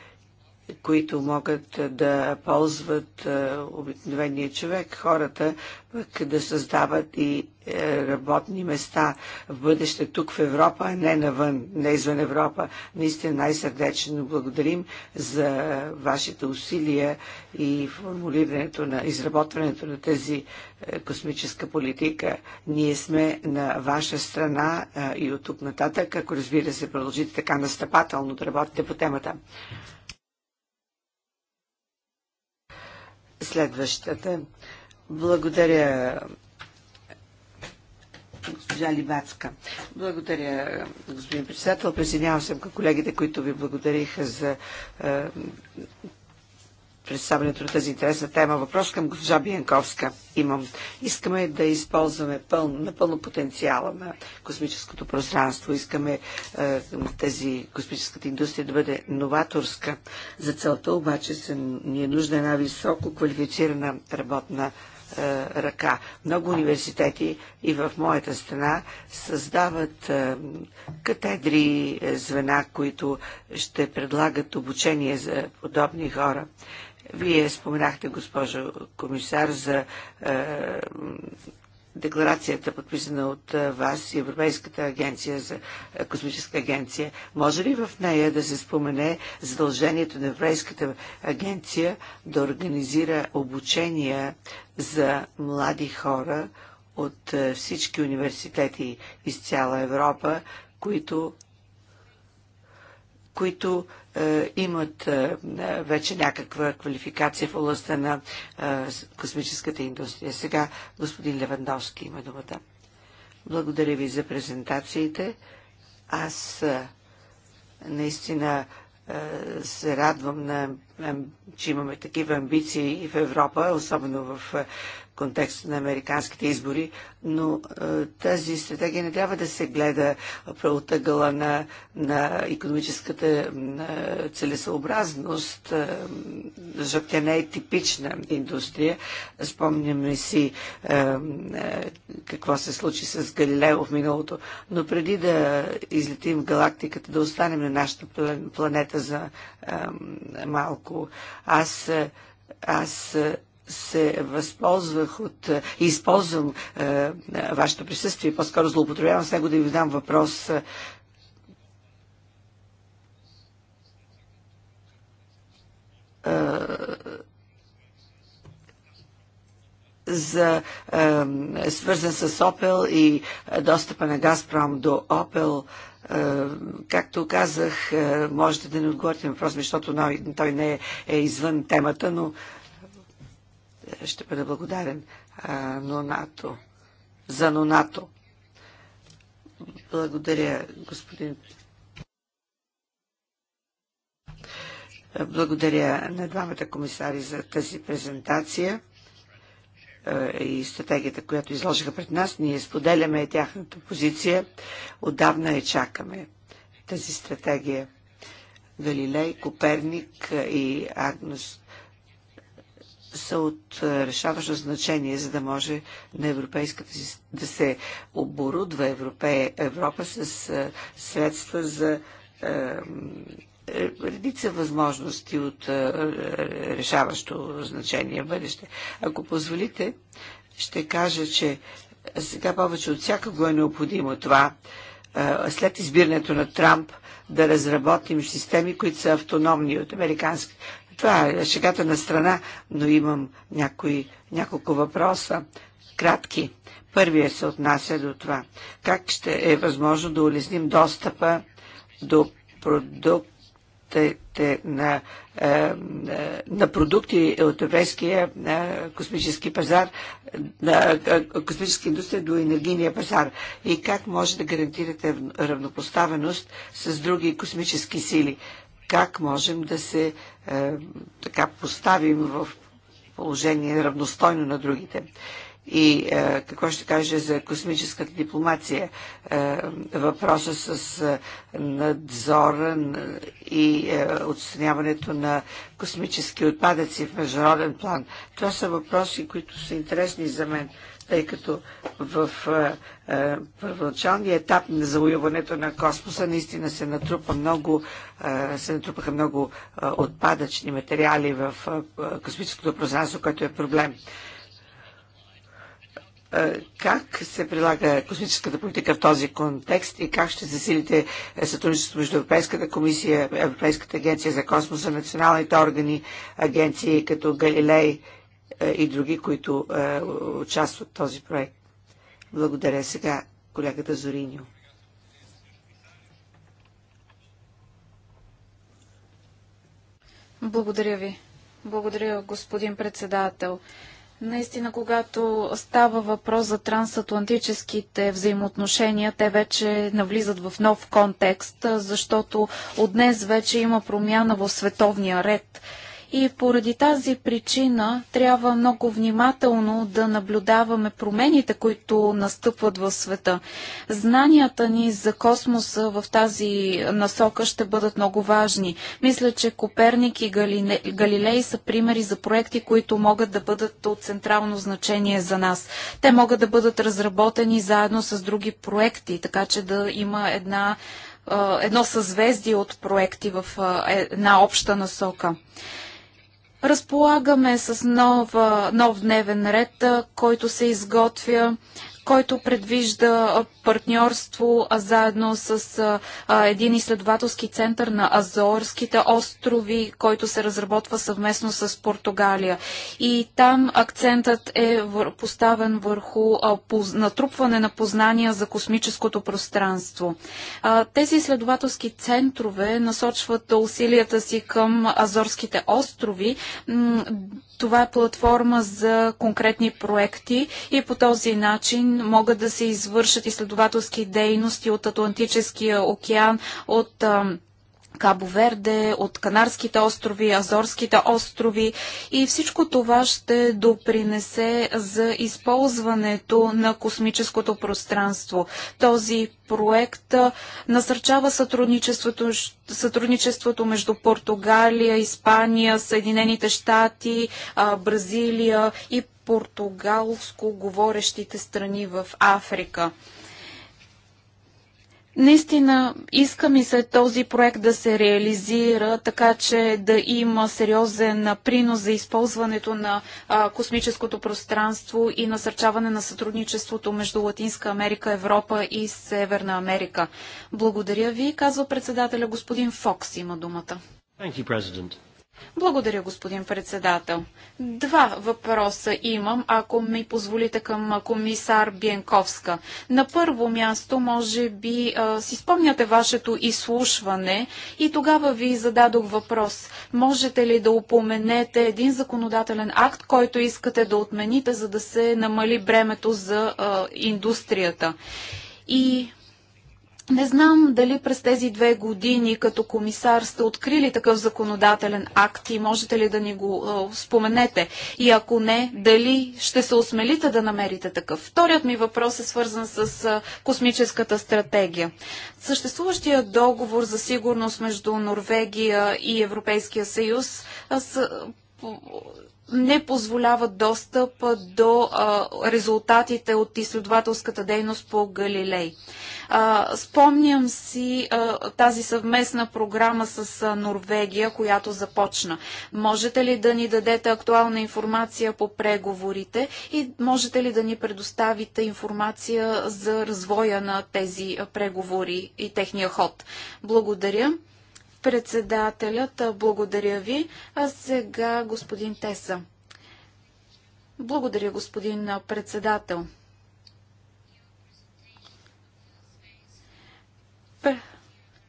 които могат да ползват е, обикновения човек, хората пък да създават и е, работни места в бъдеще тук в Европа, а не навън, не извън Европа. Наистина най-сърдечно благодарим за вашите усилия и формулирането на изработването на тази е, космическа политика. Ние сме на ваша страна и от тук нататък, ако разбира се продължите така настъпателно да работите по темата. Следващата. Благодаря, госпожа Либацка. Благодаря, господин председател. Присъединявам се към колегите, които ви благодариха за е, представянето на тази интересна тема. Въпрос към госпожа Биянковска имам. Искаме да използваме на напълно потенциала на космическото пространство. Искаме е, тази космическата индустрия да бъде новаторска. За целта обаче се, ни е нужда една високо квалифицирана работна е, ръка. Много университети и в моята страна създават е, катедри, е, звена, които ще предлагат обучение за подобни хора. Вие споменахте, госпожо комисар, за е, декларацията, подписана от е, вас и Европейската агенция за е, космическа агенция. Може ли в нея да се спомене задължението на Европейската агенция да организира обучения за млади хора от всички университети из цяла Европа, които които е, имат е, вече някаква квалификация в областта на е, космическата индустрия. Сега господин Левандовски има думата. Благодаря ви за презентациите. Аз наистина се радвам, на, че имаме такива амбиции и в Европа, особено в контекст на американските избори, но е, тази стратегия не трябва да се гледа от ъгъла на, на економическата на е, целесообразност, е, защото тя не е типична индустрия. Спомняме си какво се случи с Галилео в миналото, но преди да излетим в галактиката, да останем на нашата планета за малко. Аз аз се възползвах от е, и използвам е, вашето присъствие, по-скоро злоупотребявам с него да ви дам въпрос. Е, за е, свързан с Опел и достъпа на Газпром до Опел. Е, както казах, е, можете да не отговорите на въпрос, защото той не е, е извън темата, но е, ще бъда благодарен. А, но НАТО. За Нонато. Благодаря, господин. Благодаря на двамата комисари за тази презентация и стратегията, която изложиха пред нас. Ние споделяме тяхната позиция. Отдавна я чакаме тази стратегия. Галилей, Коперник и Агност са от е, решаващо значение, за да може на европейската да се оборудва Европе, Европа с е, средства за е, редица възможности от решаващо значение в бъдеще. Ако позволите, ще кажа, че сега повече от всякакво е необходимо това, след избирането на Трамп, да разработим системи, които са автономни от американски, това е шегата на страна, но имам някои, няколко въпроса. Кратки. Първият се отнася до това. Как ще е възможно да улесним достъпа до продуктите на, е, е, на продукти от европейския е, космически пазар, на космическа индустрия до енергийния пазар? И как може да гарантирате равнопоставеност с други космически сили? Как можем да се е, така поставим в положение равностойно на другите. И е, какво ще кажа за космическата дипломация? Е, въпроса с е, надзора и е, отстраняването на космически отпадъци в международен план. Това са въпроси, които са интересни за мен тъй като в а, първоначалния етап на завоюването на космоса наистина се натрупа много, а, се натрупаха много а, отпадъчни материали в а, космическото пространство, което е проблем. как се прилага космическата политика в този контекст и как ще засилите е, сътрудничеството между Европейската комисия, Европейската агенция за космоса, националните органи, агенции като Галилей, е, и други, които участват е, в този проект. Благодаря сега колегата Зориньо. Благодаря ви. Благодаря, господин председател. Наистина, когато става въпрос за трансатлантическите взаимоотношения, те вече навлизат в нов контекст, защото от днес вече има промяна в световния ред и поради тази причина трябва много внимателно да наблюдаваме промените, които настъпват в света. Знанията ни за космоса в тази насока ще бъдат много важни. Мисля, че Коперник и Галилей са примери за проекти, които могат да бъдат от централно значение за нас. Те могат да бъдат разработени заедно с други проекти, така че да има една едно съзвездие от проекти в е, една обща насока. Разполагаме с нова, нов дневен ред, който се изготвя който предвижда партньорство заедно с един изследователски център на Азорските острови, който се разработва съвместно с Португалия. И там акцентът е поставен върху натрупване на познания за космическото пространство. Тези изследователски центрове насочват усилията си към Азорските острови, това е платформа за конкретни проекти и по този начин могат да се извършат изследователски дейности от Атлантическия океан, от Кабо Верде, от Канарските острови, Азорските острови и всичко това ще допринесе за използването на космическото пространство. Този проект насърчава сътрудничеството, сътрудничеството между Португалия, Испания, Съединените щати, Бразилия и португалско говорещите страни в Африка. Наистина иска ми се този проект да се реализира, така че да има сериозен принос за използването на а, космическото пространство и насърчаване на сътрудничеството между Латинска Америка, Европа и Северна Америка. Благодаря ви, казва председателя господин Фокс има думата. Thank you, благодаря, господин председател. Два въпроса имам, ако ми позволите към комисар Бенковска. На първо място, може би, си спомняте вашето изслушване и тогава ви зададох въпрос. Можете ли да упоменете един законодателен акт, който искате да отмените, за да се намали бремето за индустрията? И не знам дали през тези две години като комисар сте открили такъв законодателен акт и можете ли да ни го е, споменете? И ако не, дали ще се осмелите да намерите такъв? Вторият ми въпрос е свързан с космическата стратегия. Съществуващия договор за сигурност между Норвегия и Европейския съюз а, с, не позволява достъп до резултатите от изследователската дейност по Галилей. спомням си тази съвместна програма с Норвегия, която започна. Можете ли да ни дадете актуална информация по преговорите и можете ли да ни предоставите информация за развоя на тези преговори и техния ход? Благодаря. Председателят, благодаря ви. А сега господин Теса. Благодаря, господин председател.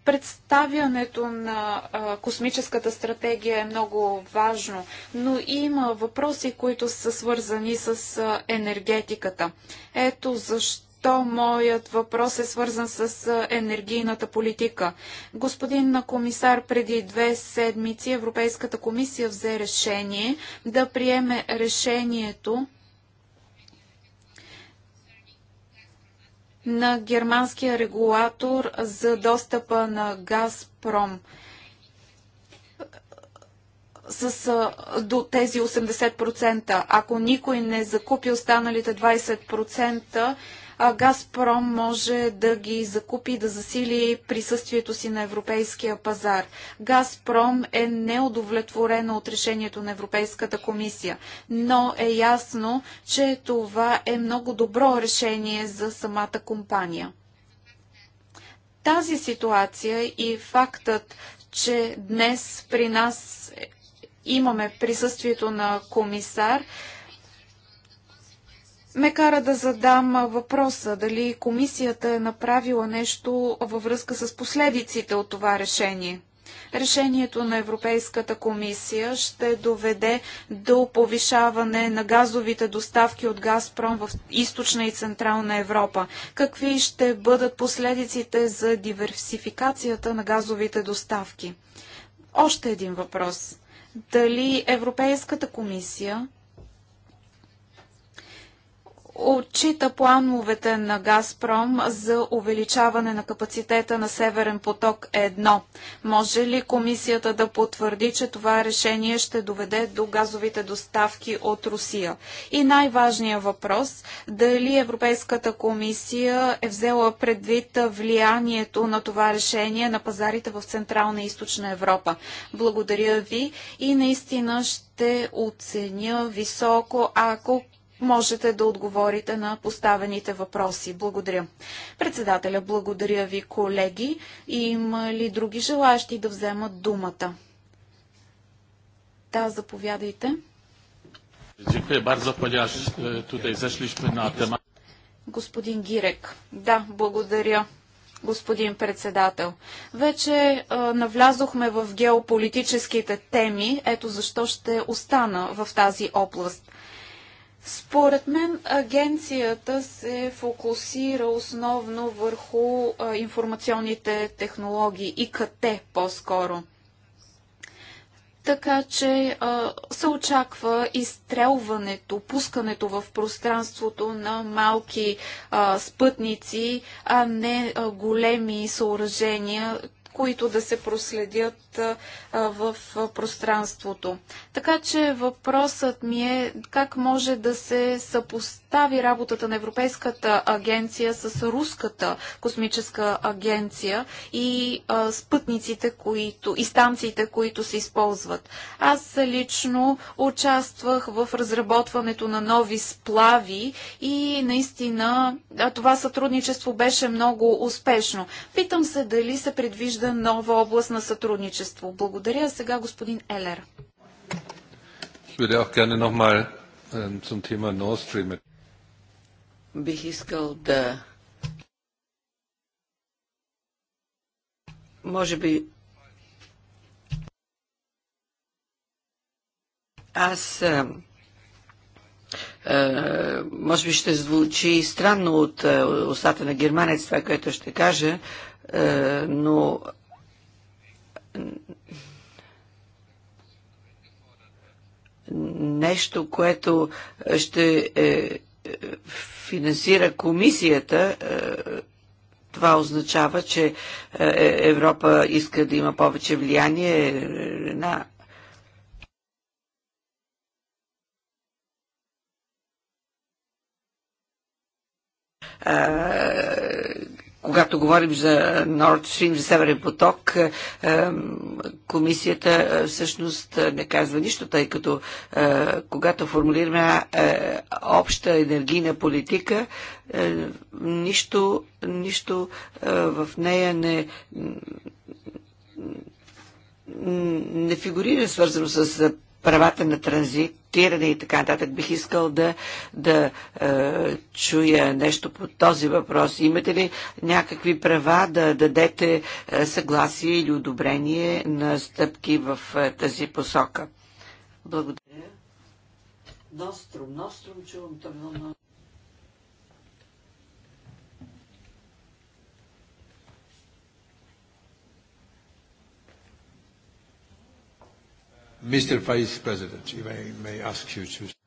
Представянето на космическата стратегия е много важно, но има въпроси, които са свързани с енергетиката. Ето защо защо моят въпрос е свързан с енергийната политика. Господин комисар, преди две седмици Европейската комисия взе решение да приеме решението на германския регулатор за достъпа на Газпром с а, до тези 80%. Ако никой не закупи останалите 20%, Газпром може да ги закупи и да засили присъствието си на европейския пазар. Газпром е неудовлетворена от решението на Европейската комисия, но е ясно, че това е много добро решение за самата компания. Тази ситуация и фактът, че днес при нас имаме присъствието на комисар, ме кара да задам въпроса дали комисията е направила нещо във връзка с последиците от това решение. Решението на Европейската комисия ще доведе до повишаване на газовите доставки от Газпром в източна и централна Европа. Какви ще бъдат последиците за диверсификацията на газовите доставки? Още един въпрос. Дали Европейската комисия отчита плановете на Газпром за увеличаване на капацитета на Северен поток 1. Може ли комисията да потвърди, че това решение ще доведе до газовите доставки от Русия? И най-важният въпрос – дали Европейската комисия е взела предвид влиянието на това решение на пазарите в Централна и Източна Европа? Благодаря ви и наистина ще оценя високо, ако можете да отговорите на поставените въпроси. Благодаря. Председателя, благодаря ви, колеги. Има ли други желаящи да вземат думата? Да, заповядайте. E, господин Гирек. Да, благодаря, господин председател. Вече а, е, навлязохме в геополитическите теми, ето защо ще остана в тази област. Според мен агенцията се фокусира основно върху а, информационните технологии и къте по-скоро. Така че а, се очаква изстрелването, пускането в пространството на малки а, спътници, а не големи съоръжения, които да се проследят в пространството. Така че въпросът ми е как може да се съпостави работата на Европейската агенция с Руската космическа агенция и спътниците които, и станциите, които се използват. Аз лично участвах в разработването на нови сплави и наистина това сътрудничество беше много успешно. Питам се дали се предвижда за нова област на сътрудничество. Благодаря сега господин Елер. Ähm, Бих искал да може би аз а, а, може би ще звучи странно от устата на германец това, което ще кажа, но нещо, което ще е, е финансира комисията, е, това означава, че е, Европа иска да има повече влияние на когато говорим за Nord Stream, за Северен поток, е, е, комисията е, всъщност не казва нищо, тъй като когато формулираме обща енергийна политика, нищо, нищо в нея не не фигурира свързано с правата на транзитиране и така нататък. Бих искал да, да е, чуя нещо по този въпрос. Имате ли някакви права да дадете е, съгласие или одобрение на стъпки в е, тази посока? Благодаря. Ностром, Ностром, чувам много.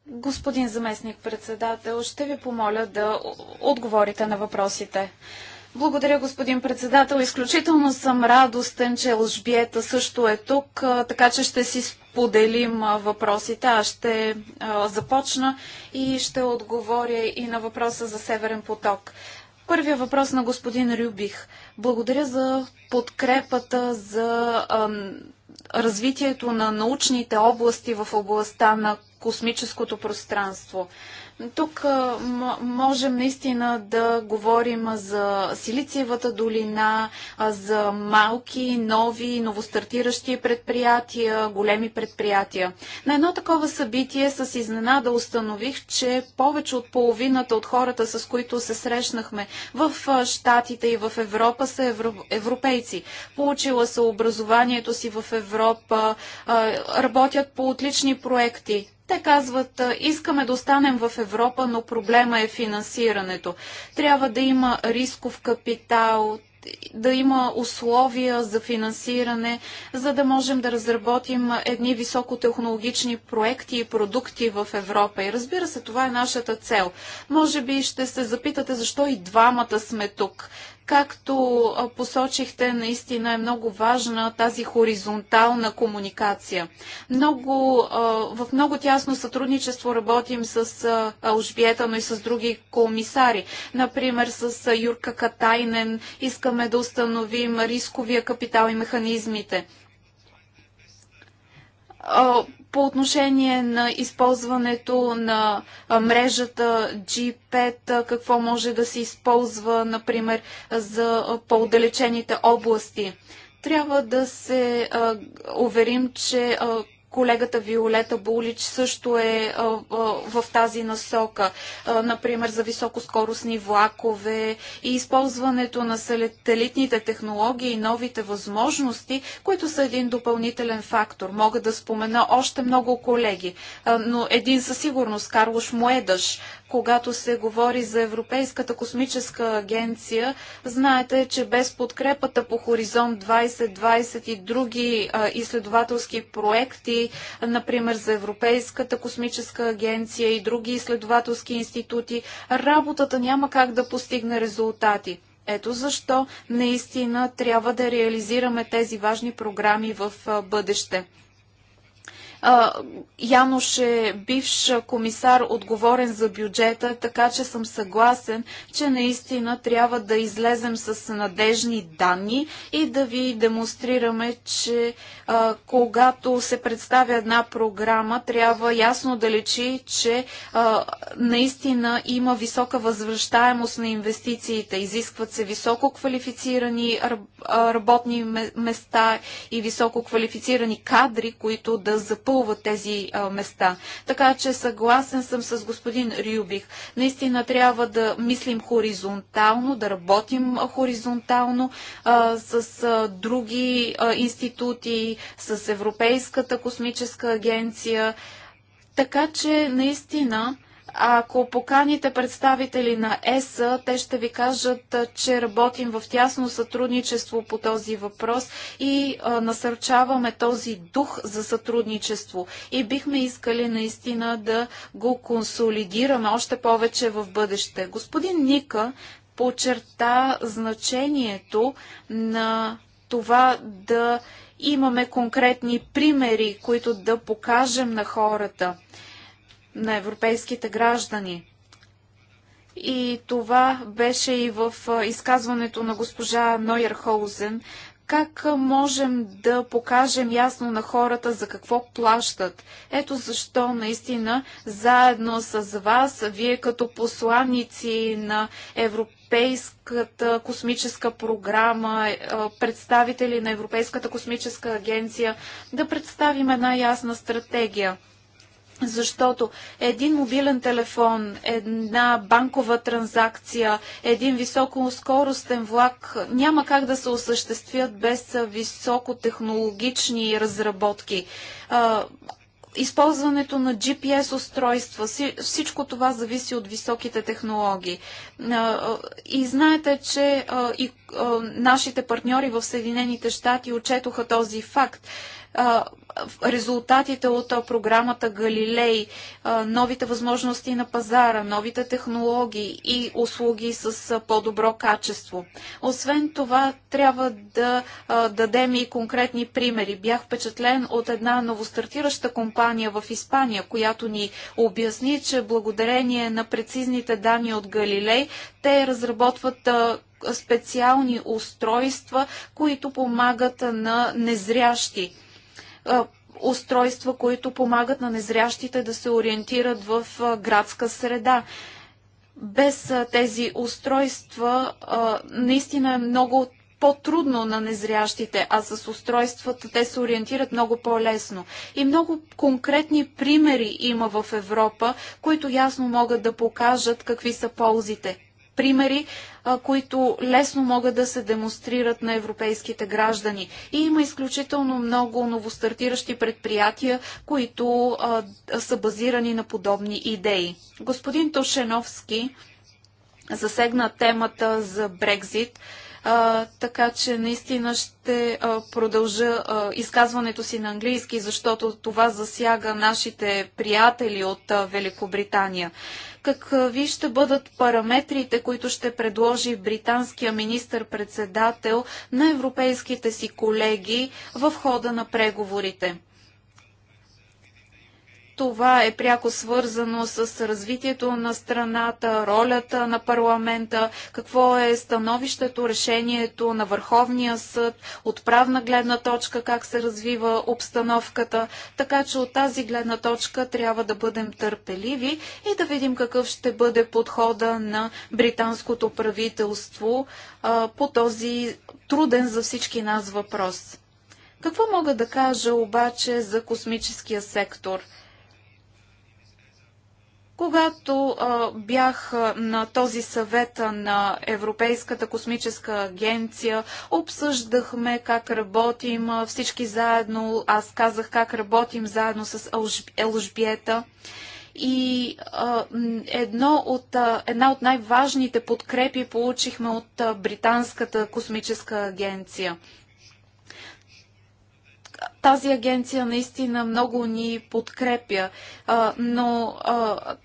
Господин заместник председател, ще ви помоля да отговорите на въпросите. Благодаря, господин председател. Изключително съм радостен, че Лъжбиета също е тук, така че ще си споделим въпросите. Аз ще започна и ще отговоря и на въпроса за Северен поток. Първия въпрос на господин Рюбих. Благодаря за подкрепата за развитието на научните области в областта на космическото пространство. Тук можем наистина да говорим за Силициевата долина, за малки, нови, новостартиращи предприятия, големи предприятия. На едно такова събитие с изненада установих, че повече от половината от хората, с които се срещнахме в Штатите и в Европа, са евро... европейци. Получила са образованието си в Европа, работят по отлични проекти те казват, искаме да останем в Европа, но проблема е финансирането. Трябва да има рисков капитал, да има условия за финансиране, за да можем да разработим едни високотехнологични проекти и продукти в Европа. И разбира се, това е нашата цел. Може би ще се запитате защо и двамата сме тук. Както посочихте, наистина е много важна тази хоризонтална комуникация. Много, в много тясно сътрудничество работим с Алжбиета, но и с други комисари. Например, с Юрка Катайнен искаме да установим рисковия капитал и механизмите по отношение на използването на мрежата G5, какво може да се използва, например, за по-отдалечените области. Трябва да се уверим, че Колегата Виолета Булич също е в тази насока. например, за високоскоростни влакове и използването на сателитните технологии и новите възможности, които са един допълнителен фактор. Мога да спомена още много колеги, но един със сигурност, Карлош Моедаш, когато се говори за Европейската космическа агенция, знаете, че без подкрепата по Хоризонт 2020 и други а, изследователски проекти, например за Европейската космическа агенция и други изследователски институти, работата няма как да постигне резултати. Ето защо наистина трябва да реализираме тези важни програми в бъдеще. Янош е бивш комисар, отговорен за бюджета, така че съм съгласен, че наистина трябва да излезем с надежни данни и да ви демонстрираме, че а, когато се представя една програма, трябва ясно да лечи, че а, наистина има висока възвръщаемост на инвестициите. Изискват се високо квалифицирани работни места и високо квалифицирани кадри, които да запълнят запълват тези а, места. Така че съгласен съм с господин Рюбих. Наистина трябва да мислим хоризонтално, да работим хоризонтално а, с а, други а, институти, с Европейската космическа агенция. Така че наистина ако поканите представители на ЕС, те ще ви кажат, че работим в тясно сътрудничество по този въпрос и насърчаваме този дух за сътрудничество. И бихме искали наистина да го консолидираме още повече в бъдеще. Господин Ника подчерта значението на това да имаме конкретни примери, които да покажем на хората на европейските граждани. И това беше и в изказването на госпожа Нойерхоузен. Как можем да покажем ясно на хората за какво плащат? Ето защо наистина заедно с вас, вие като посланници на Европейската космическа програма, е, представители на Европейската космическа агенция, да представим една ясна стратегия защото един мобилен телефон, една банкова транзакция, един високоскоростен влак няма как да се осъществят без високотехнологични разработки. Използването на GPS устройства, всичко това зависи от високите технологии. И знаете, че и нашите партньори в Съединените щати отчетоха този факт резултатите от програмата Галилей, новите възможности на пазара, новите технологии и услуги с по-добро качество. Освен това, трябва да дадем и конкретни примери. Бях впечатлен от една новостартираща компания в Испания, която ни обясни, че благодарение на прецизните данни от Галилей, те разработват специални устройства, които помагат на незрящи устройства, които помагат на незрящите да се ориентират в градска среда. Без тези устройства наистина е много по-трудно на незрящите, а с устройствата те се ориентират много по-лесно. И много конкретни примери има в Европа, които ясно могат да покажат какви са ползите примери, които лесно могат да се демонстрират на европейските граждани. И има изключително много новостартиращи предприятия, които са базирани на подобни идеи. Господин Тошеновски засегна темата за Брекзит. А, така че наистина ще а, продължа а, изказването си на английски, защото това засяга нашите приятели от Великобритания какви ще бъдат параметрите, които ще предложи британския министър-председател на европейските си колеги в хода на преговорите. Това е пряко свързано с развитието на страната, ролята на парламента, какво е становището, решението на Върховния съд, от правна гледна точка как се развива обстановката. Така че от тази гледна точка трябва да бъдем търпеливи и да видим какъв ще бъде подхода на британското правителство а, по този труден за всички нас въпрос. Какво мога да кажа обаче за космическия сектор – когато а, бях на този съвет на Европейската космическа агенция, обсъждахме как работим всички заедно. Аз казах как работим заедно с Елжбиета. И а, едно от, а, една от най-важните подкрепи получихме от а, Британската космическа агенция. Тази агенция наистина много ни подкрепя, но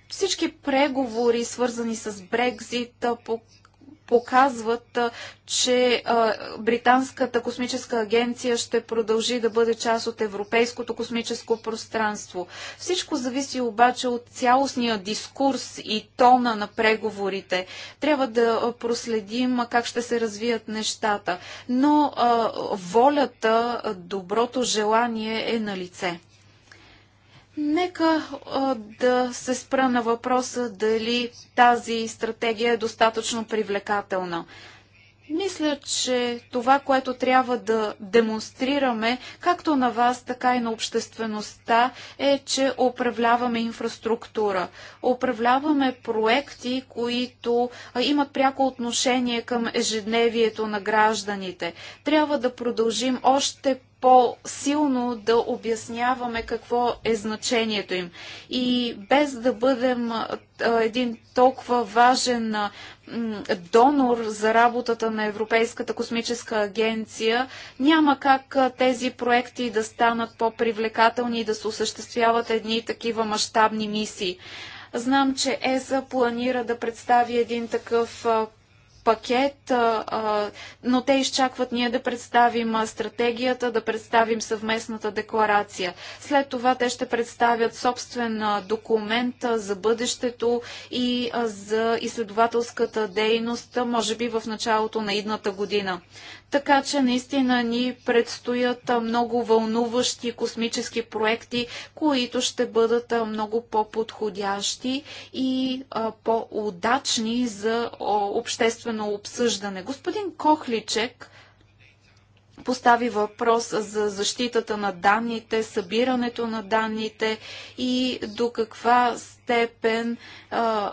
всички преговори, свързани с Брекзит, показват, че Британската космическа агенция ще продължи да бъде част от европейското космическо пространство. Всичко зависи обаче от цялостния дискурс и тона на преговорите. Трябва да проследим как ще се развият нещата. Но волята, доброто желание е на лице. Нека а, да се спра на въпроса дали тази стратегия е достатъчно привлекателна. Мисля, че това, което трябва да демонстрираме, както на вас, така и на обществеността, е, че управляваме инфраструктура. Управляваме проекти, които имат пряко отношение към ежедневието на гражданите. Трябва да продължим още по-силно да обясняваме какво е значението им. И без да бъдем един толкова важен донор за работата на Европейската космическа агенция, няма как тези проекти да станат по-привлекателни и да се осъществяват едни такива мащабни мисии. Знам, че ЕСА планира да представи един такъв пакет, но те изчакват ние да представим стратегията, да представим съвместната декларация. След това те ще представят собствен документ за бъдещето и за изследователската дейност, може би в началото на идната година. Така че наистина ни предстоят много вълнуващи космически проекти, които ще бъдат много по-подходящи и по-удачни за обществено обсъждане. Господин Кохличек постави въпрос за защитата на данните, събирането на данните и до каква степен а,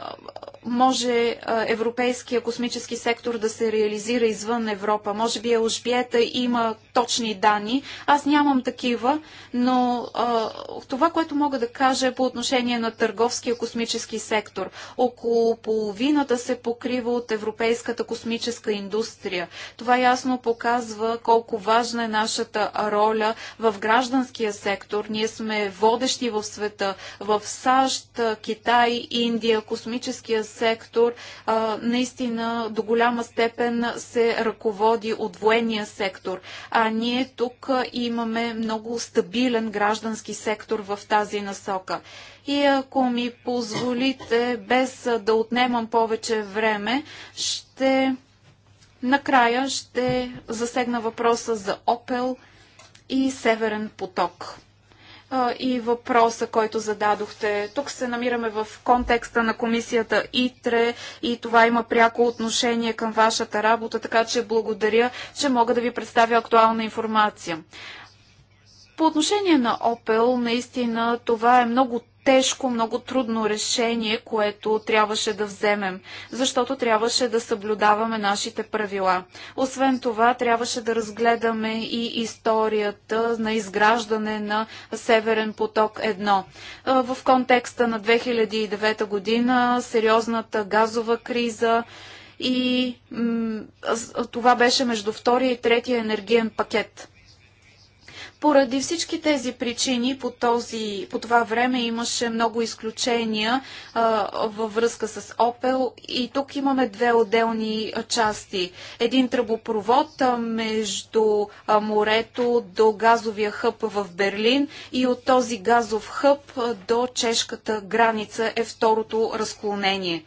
може европейския космически сектор да се реализира извън Европа. Може би Елжбиета има точни данни. Аз нямам такива, но а, това, което мога да кажа е по отношение на търговския космически сектор. Около половината се покрива от европейската космическа индустрия. Това ясно показва колко важна е нашата роля в гражданския сектор. Ние сме водещи в света. В САЩ, Китай, Индия, космическия сектор наистина до голяма степен се ръководи от военния сектор. А ние тук имаме много стабилен граждански сектор в тази насока. И ако ми позволите, без да отнемам повече време, ще накрая ще засегна въпроса за Опел и Северен поток и въпроса, който зададохте. Тук се намираме в контекста на комисията ИТРЕ и това има пряко отношение към вашата работа, така че благодаря, че мога да ви представя актуална информация. По отношение на ОПЕЛ, наистина това е много тежко, много трудно решение, което трябваше да вземем, защото трябваше да съблюдаваме нашите правила. Освен това, трябваше да разгледаме и историята на изграждане на Северен поток 1. В контекста на 2009 година, сериозната газова криза, и това беше между втория и третия енергиен пакет. Поради всички тези причини по, този, по това време имаше много изключения а, във връзка с Опел и тук имаме две отделни части. Един тръбопровод а, между а, морето до газовия хъб в Берлин и от този газов хъб а, до чешката граница е второто разклонение.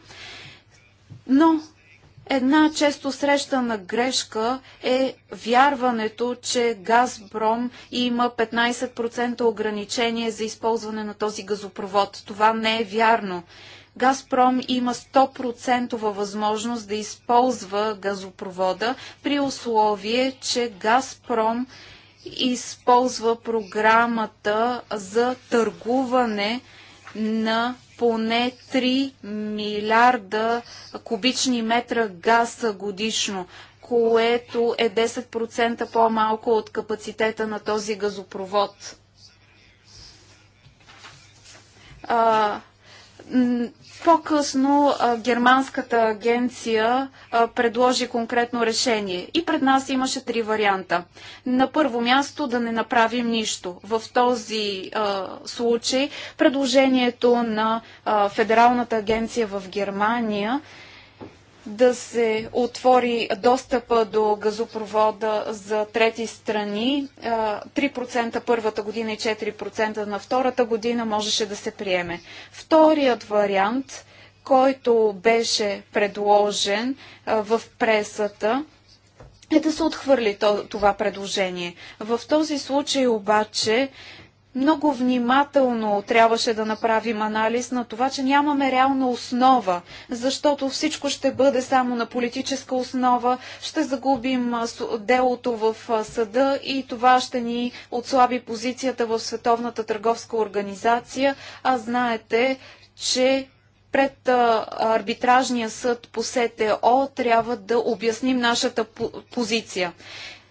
Но Една често срещана грешка е вярването, че Газпром има 15% ограничение за използване на този газопровод. Това не е вярно. Газпром има 100% възможност да използва газопровода при условие, че Газпром използва програмата за търгуване на поне 3 милиарда кубични метра газ годишно, което е 10% по-малко от капацитета на този газопровод. А, по-късно германската агенция а, предложи конкретно решение и пред нас имаше три варианта. На първо място да не направим нищо. В този а, случай предложението на а, Федералната агенция в Германия да се отвори достъпа до газопровода за трети страни. 3% първата година и 4% на втората година можеше да се приеме. Вторият вариант, който беше предложен в пресата, е да се отхвърли това предложение. В този случай обаче много внимателно трябваше да направим анализ на това, че нямаме реална основа, защото всичко ще бъде само на политическа основа, ще загубим делото в съда и това ще ни отслаби позицията в Световната търговска организация, а знаете, че пред арбитражния съд по СТО трябва да обясним нашата позиция.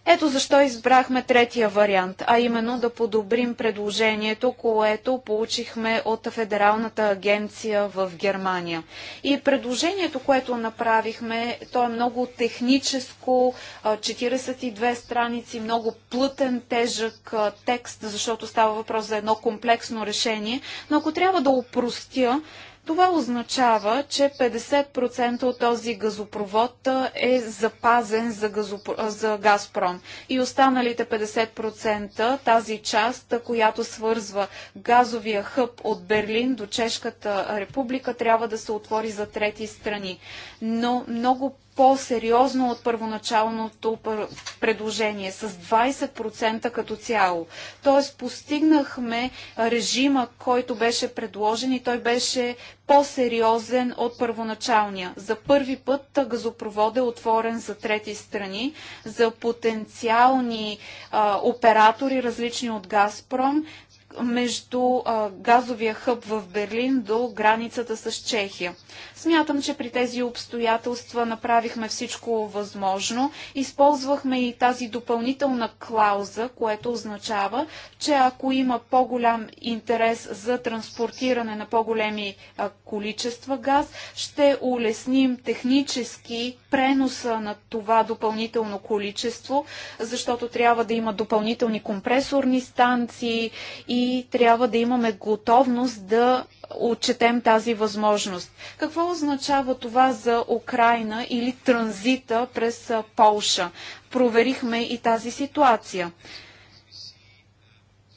Ето защо избрахме третия вариант, а именно да подобрим предложението, което получихме от Федералната агенция в Германия. И предложението, което направихме, то е много техническо, 42 страници, много плътен, тежък текст, защото става въпрос за едно комплексно решение. Но ако трябва да упростя, това означава, че 50% от този газопровод е запазен за, газопро... за Газпром и останалите 50% тази част, която свързва газовия хъб от Берлин до Чешката република, трябва да се отвори за трети страни. Но много по-сериозно от първоначалното предложение, с 20% като цяло. Тоест постигнахме режима, който беше предложен и той беше по-сериозен от първоначалния. За първи път газопровод е отворен за трети страни, за потенциални а, оператори, различни от Газпром, между а, газовия хъб в Берлин до границата с Чехия. Смятам, че при тези обстоятелства направихме всичко възможно. Използвахме и тази допълнителна клауза, което означава, че ако има по-голям интерес за транспортиране на по-големи количества газ, ще улесним технически преноса на това допълнително количество, защото трябва да има допълнителни компресорни станции и трябва да имаме готовност да отчетем тази възможност. Какво означава това за Украина или транзита през Полша? Проверихме и тази ситуация.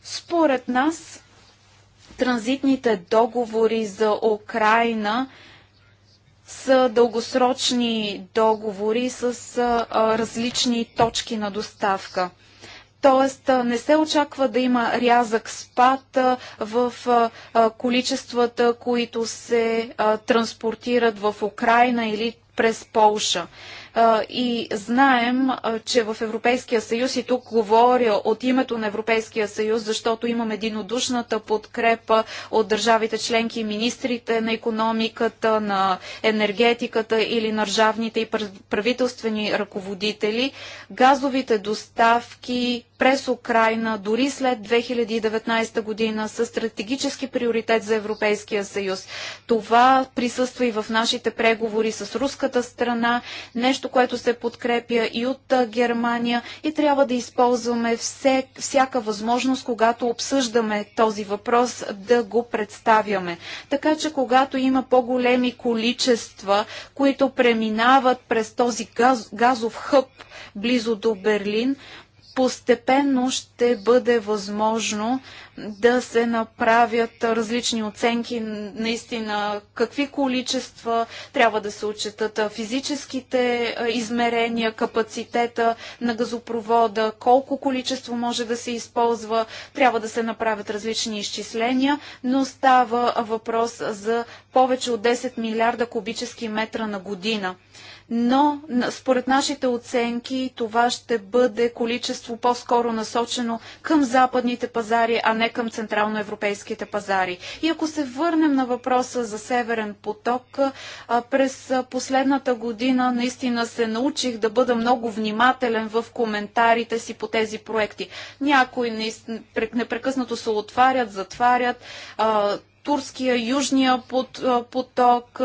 Според нас, транзитните договори за Украина са дългосрочни договори с различни точки на доставка. Тоест не се очаква да има рязък спад в количествата, които се транспортират в Украина или през Полша. И знаем, че в Европейския съюз, и тук говоря от името на Европейския съюз, защото имам единодушната подкрепа от държавите членки, и министрите на економиката, на енергетиката или на държавните и правителствени ръководители, газовите доставки през Украина, дори след 2019 година, са стратегически приоритет за Европейския съюз. Това присъства и в нашите преговори с руската страна, нещо, което се подкрепя и от Германия и трябва да използваме все, всяка възможност, когато обсъждаме този въпрос, да го представяме. Така че, когато има по-големи количества, които преминават през този газ, газов хъб близо до Берлин, постепенно ще бъде възможно да се направят различни оценки, наистина какви количества трябва да се отчетат физическите измерения, капацитета на газопровода, колко количество може да се използва, трябва да се направят различни изчисления, но става въпрос за повече от 10 милиарда кубически метра на година но според нашите оценки това ще бъде количество по-скоро насочено към западните пазари, а не към централноевропейските пазари. И ако се върнем на въпроса за Северен поток, през последната година наистина се научих да бъда много внимателен в коментарите си по тези проекти. Някои непрекъснато се отварят, затварят. Турския, Южния поток,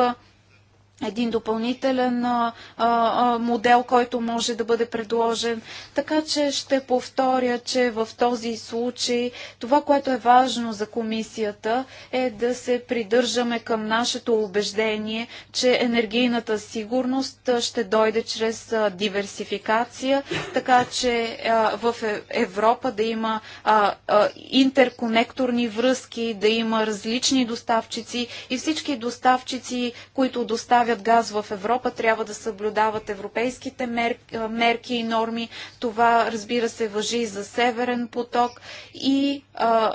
един допълнителен а, а, модел, който може да бъде предложен. Така че ще повторя, че в този случай това, което е важно за комисията е да се придържаме към нашето убеждение, че енергийната сигурност ще дойде чрез а, диверсификация, така че а, в е, Европа да има а, а, интерконекторни връзки, да има различни доставчици и всички доставчици, които доставят търгуват газ в Европа, трябва да съблюдават европейските мер... мерки и норми. Това, разбира се, въжи и за Северен поток и а,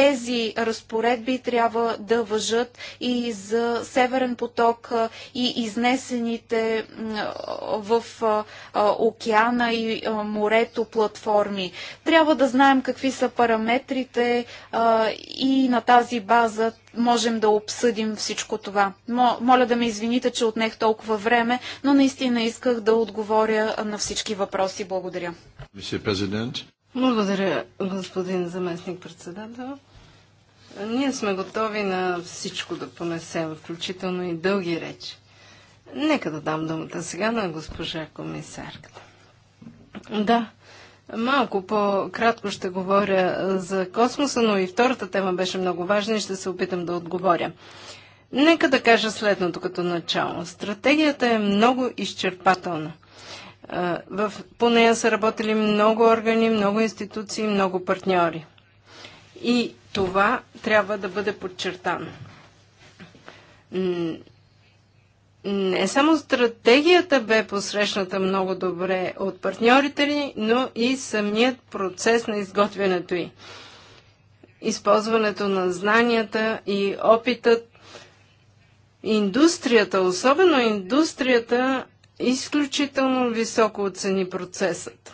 тези разпоредби трябва да въжат и за Северен поток и изнесените в океана и морето платформи. Трябва да знаем какви са параметрите и на тази база можем да обсъдим всичко това. Моля да ме извините, че отнех толкова време, но наистина исках да отговоря на всички въпроси. Благодаря. Благодаря, господин заместник председател. Ние сме готови на всичко да понесем, включително и дълги речи. Нека да дам думата сега на госпожа комисарката. Да, малко по-кратко ще говоря за космоса, но и втората тема беше много важна и ще се опитам да отговоря. Нека да кажа следното като начало. Стратегията е много изчерпателна – в, по нея са работили много органи, много институции, много партньори. И това трябва да бъде подчертано. Не само стратегията бе посрещната много добре от партньорите ни, но и самият процес на изготвянето й. Използването на знанията и опитът. Индустрията, особено индустрията, изключително високо оцени процесът.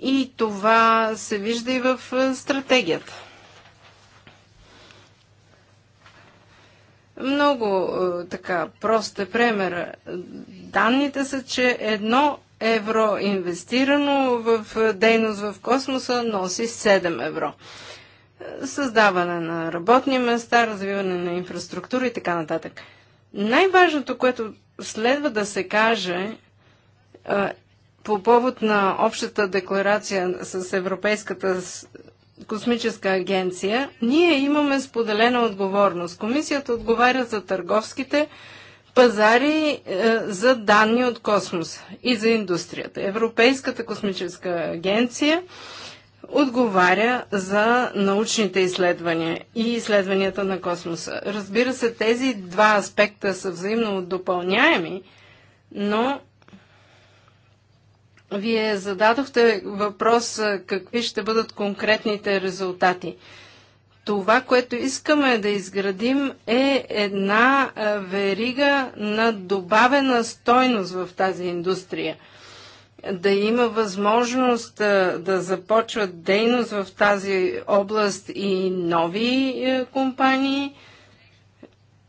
И това се вижда и в е, стратегията. Много е, така прост е пример. Данните са, че едно евро инвестирано в е, дейност в космоса носи 7 евро. Създаване на работни места, развиване на инфраструктура и така нататък. Най-важното, което следва да се каже по повод на общата декларация с Европейската космическа агенция, ние имаме споделена отговорност. Комисията отговаря за търговските пазари е, за данни от космоса и за индустрията. Европейската космическа агенция отговаря за научните изследвания и изследванията на космоса. Разбира се, тези два аспекта са взаимно допълняеми, но вие зададохте въпрос какви ще бъдат конкретните резултати. Това, което искаме да изградим е една верига на добавена стойност в тази индустрия – да има възможност да, да започват дейност в тази област и нови е, компании,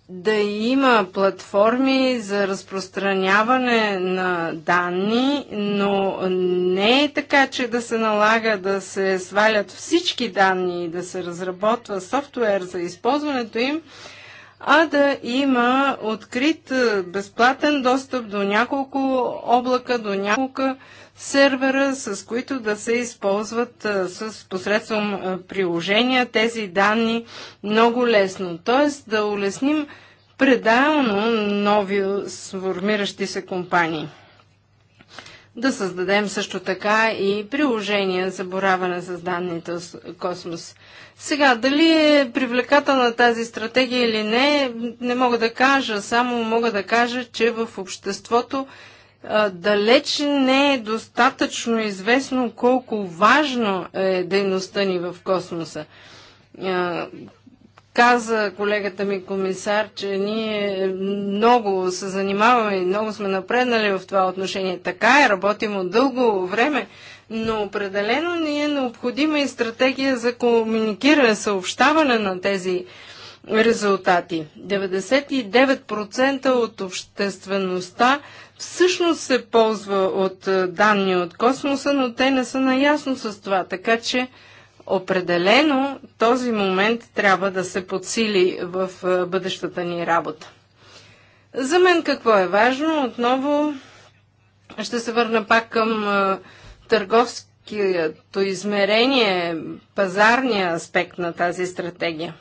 да има платформи за разпространяване на данни, но не е така, че да се налага да се свалят всички данни и да се разработва софтуер за използването им, а да има открит е, безплатен достъп до няколко облака, до няколко сервера, с които да се използват е, с посредством е, приложения тези данни много лесно. Тоест да улесним предално нови сформиращи се компании. Да създадем също така и приложения за бораване с данните от космос. Сега, дали е привлекателна тази стратегия или не, не мога да кажа. Само мога да кажа, че в обществото далеч не е достатъчно известно колко важно е дейността ни в космоса каза колегата ми комисар, че ние много се занимаваме и много сме напреднали в това отношение. Така е, работим от дълго време, но определено ни е необходима и стратегия за комуникиране, съобщаване на тези резултати. 99% от обществеността всъщност се ползва от данни от космоса, но те не са наясно с това, така че Определено този момент трябва да се подсили в е, бъдещата ни работа. За мен какво е важно? Отново ще се върна пак към е, търговското измерение, пазарния аспект на тази стратегия.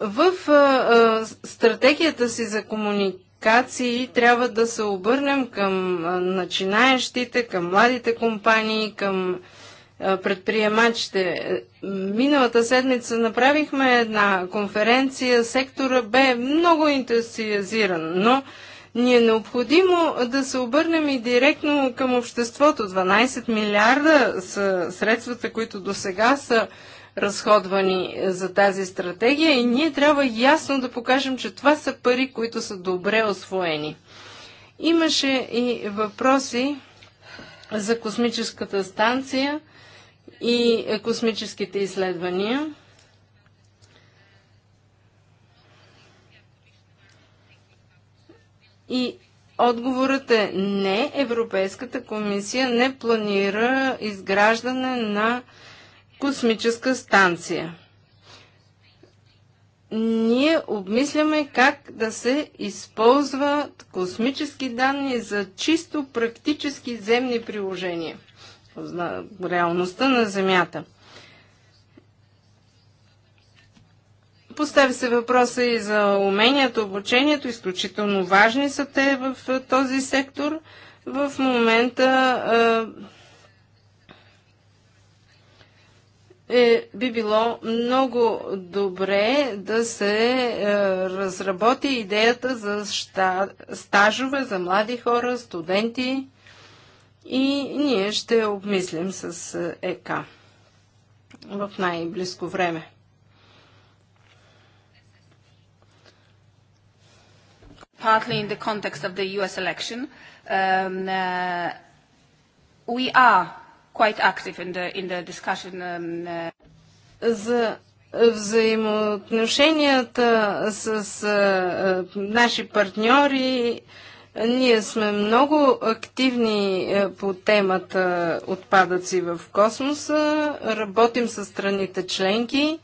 В е, стратегията си за комуникации трябва да се обърнем към начинаещите, към младите компании, към е, предприемачите. Миналата седмица направихме една конференция, сектора бе много ентусиазиран, но ни е необходимо да се обърнем и директно към обществото. 12 милиарда са средствата, които до сега са разходвани за тази стратегия и ние трябва ясно да покажем, че това са пари, които са добре освоени. Имаше и въпроси за космическата станция – и е, космическите изследвания. И отговорът е не. Европейската комисия не планира изграждане на космическа станция. Ние обмисляме как да се използват космически данни за чисто практически земни приложения реалността на Земята. Постави се въпроса и за уменията, обучението. Изключително важни са те в е, този сектор. В момента е, е, би било много добре да се е, разработи идеята за ща, стажове за млади хора, студенти и ние ще обмислим с ЕК в най-близко време. Partly in the context of the US election, um, uh, we are quite active in the, in the discussion. Um, uh... За взаимоотношенията с uh, наши партньори uh, ние сме много активни е, по темата отпадъци в космоса, работим с страните членки,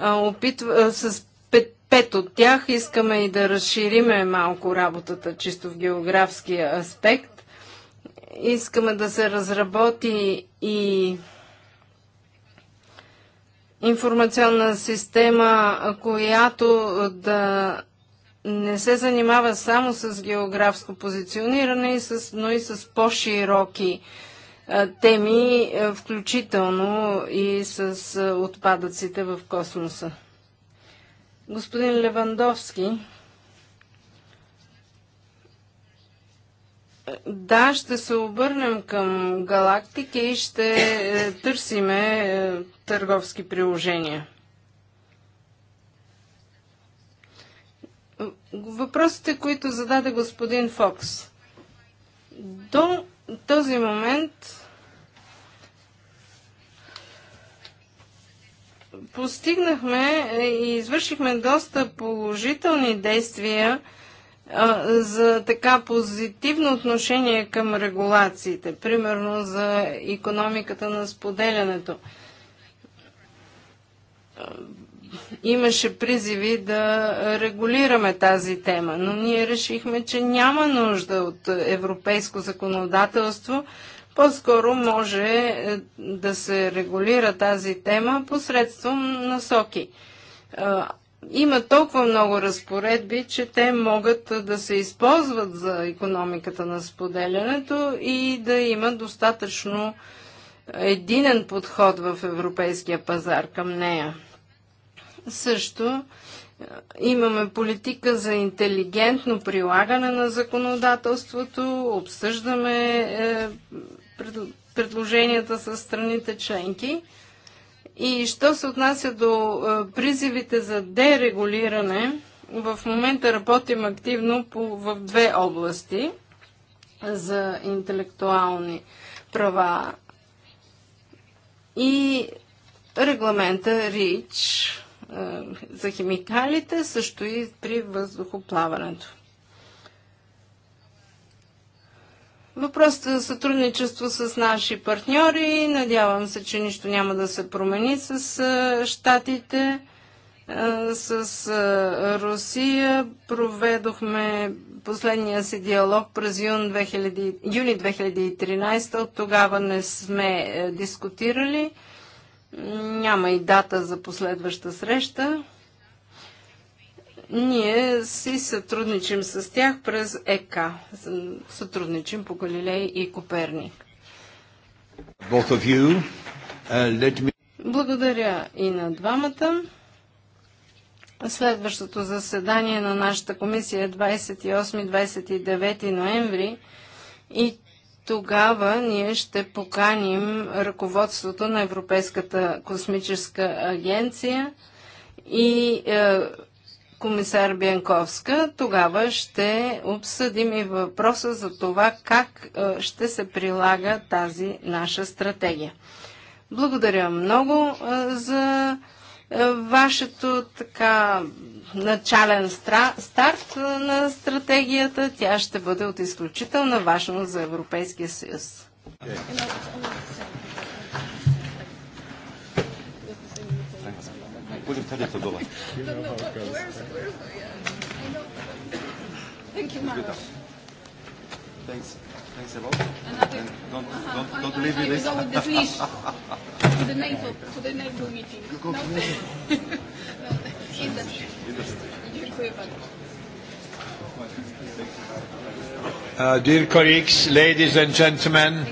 опитва, с пет, пет от тях искаме и да разшириме малко работата чисто в географския аспект. Искаме да се разработи и информационна система, която да не се занимава само с географско позициониране, но и с по-широки теми, включително и с отпадъците в космоса. Господин Левандовски, да, ще се обърнем към галактики и ще е, търсиме е, търговски приложения. въпросите, които зададе господин Фокс. До този момент постигнахме и извършихме доста положителни действия за така позитивно отношение към регулациите, примерно за економиката на споделянето имаше призиви да регулираме тази тема, но ние решихме, че няма нужда от европейско законодателство. По-скоро може е, да се регулира тази тема посредством насоки. Има толкова много разпоредби, че те могат да се използват за економиката на споделянето и да има достатъчно единен подход в европейския пазар към нея. Също е, имаме политика за интелигентно прилагане на законодателството, обсъждаме е, предложенията с страните членки. И що се отнася до е, призивите за дерегулиране, в момента работим активно по, в две области за интелектуални права и регламента РИЧ за химикалите, също и при въздухоплаването. Въпросът за е сътрудничество с наши партньори. Надявам се, че нищо няма да се промени с щатите, с Русия. Проведохме последния си диалог през юни 2013. От тогава не сме дискутирали. Няма и дата за последваща среща. Ние си сътрудничим с тях през ЕК. Сътрудничим по Галилей и Коперник. You, uh, me... Благодаря и на двамата. Следващото заседание на нашата комисия е 28-29 ноември и тогава ние ще поканим ръководството на Европейската космическа агенция и е, комисар Бянковска. Тогава ще обсъдим и въпроса за това как е, ще се прилага тази наша стратегия. Благодаря много е, за е, вашето така начален стра, старт на стратегията, тя ще бъде от изключителна важност за Европейския съюз. Thank you. Dear colleagues, ladies and gentlemen.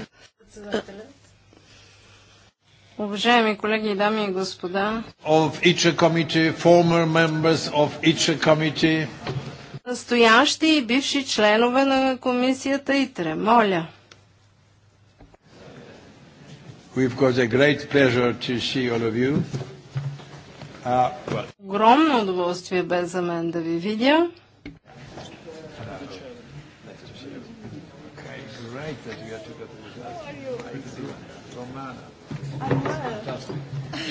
Уважаеми колеги, дами и господа. Of each committee, former members of each committee. Настоящи и бивши членове на комисията и тремоля. We've got a great pleasure to see all of you. А, Огромно удоволствие бе за мен да ви видя.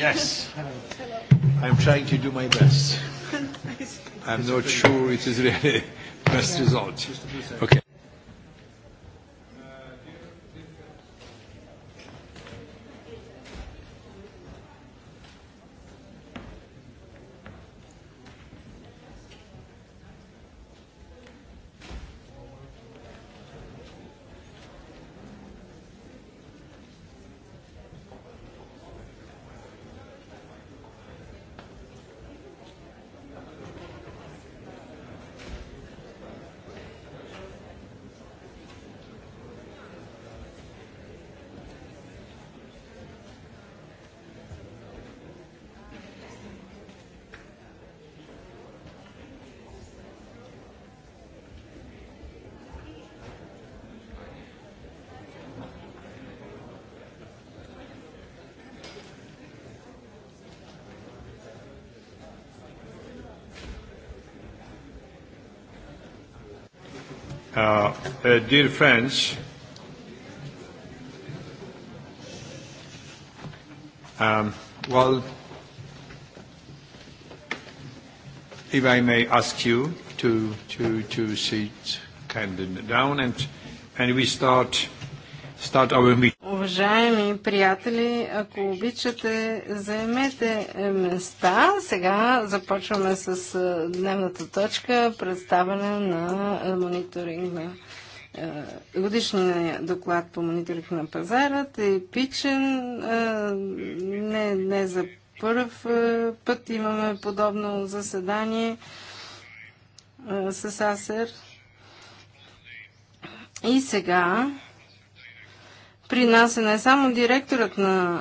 Yes. I'm trying to do my best. I'm not sure it is really best result. Okay. Uh, dear friends, um, well, if I may ask you to, to, to sit of down and, and we start, start our meeting. Уважаеми приятели, ако обичате, заемете е, места. Сега започваме с е, дневната точка представяне на е, мониторинг на годишния доклад по мониторинг на пазара. Типичен, не, не за първ път имаме подобно заседание с АСЕР. И сега при нас е не само директорът на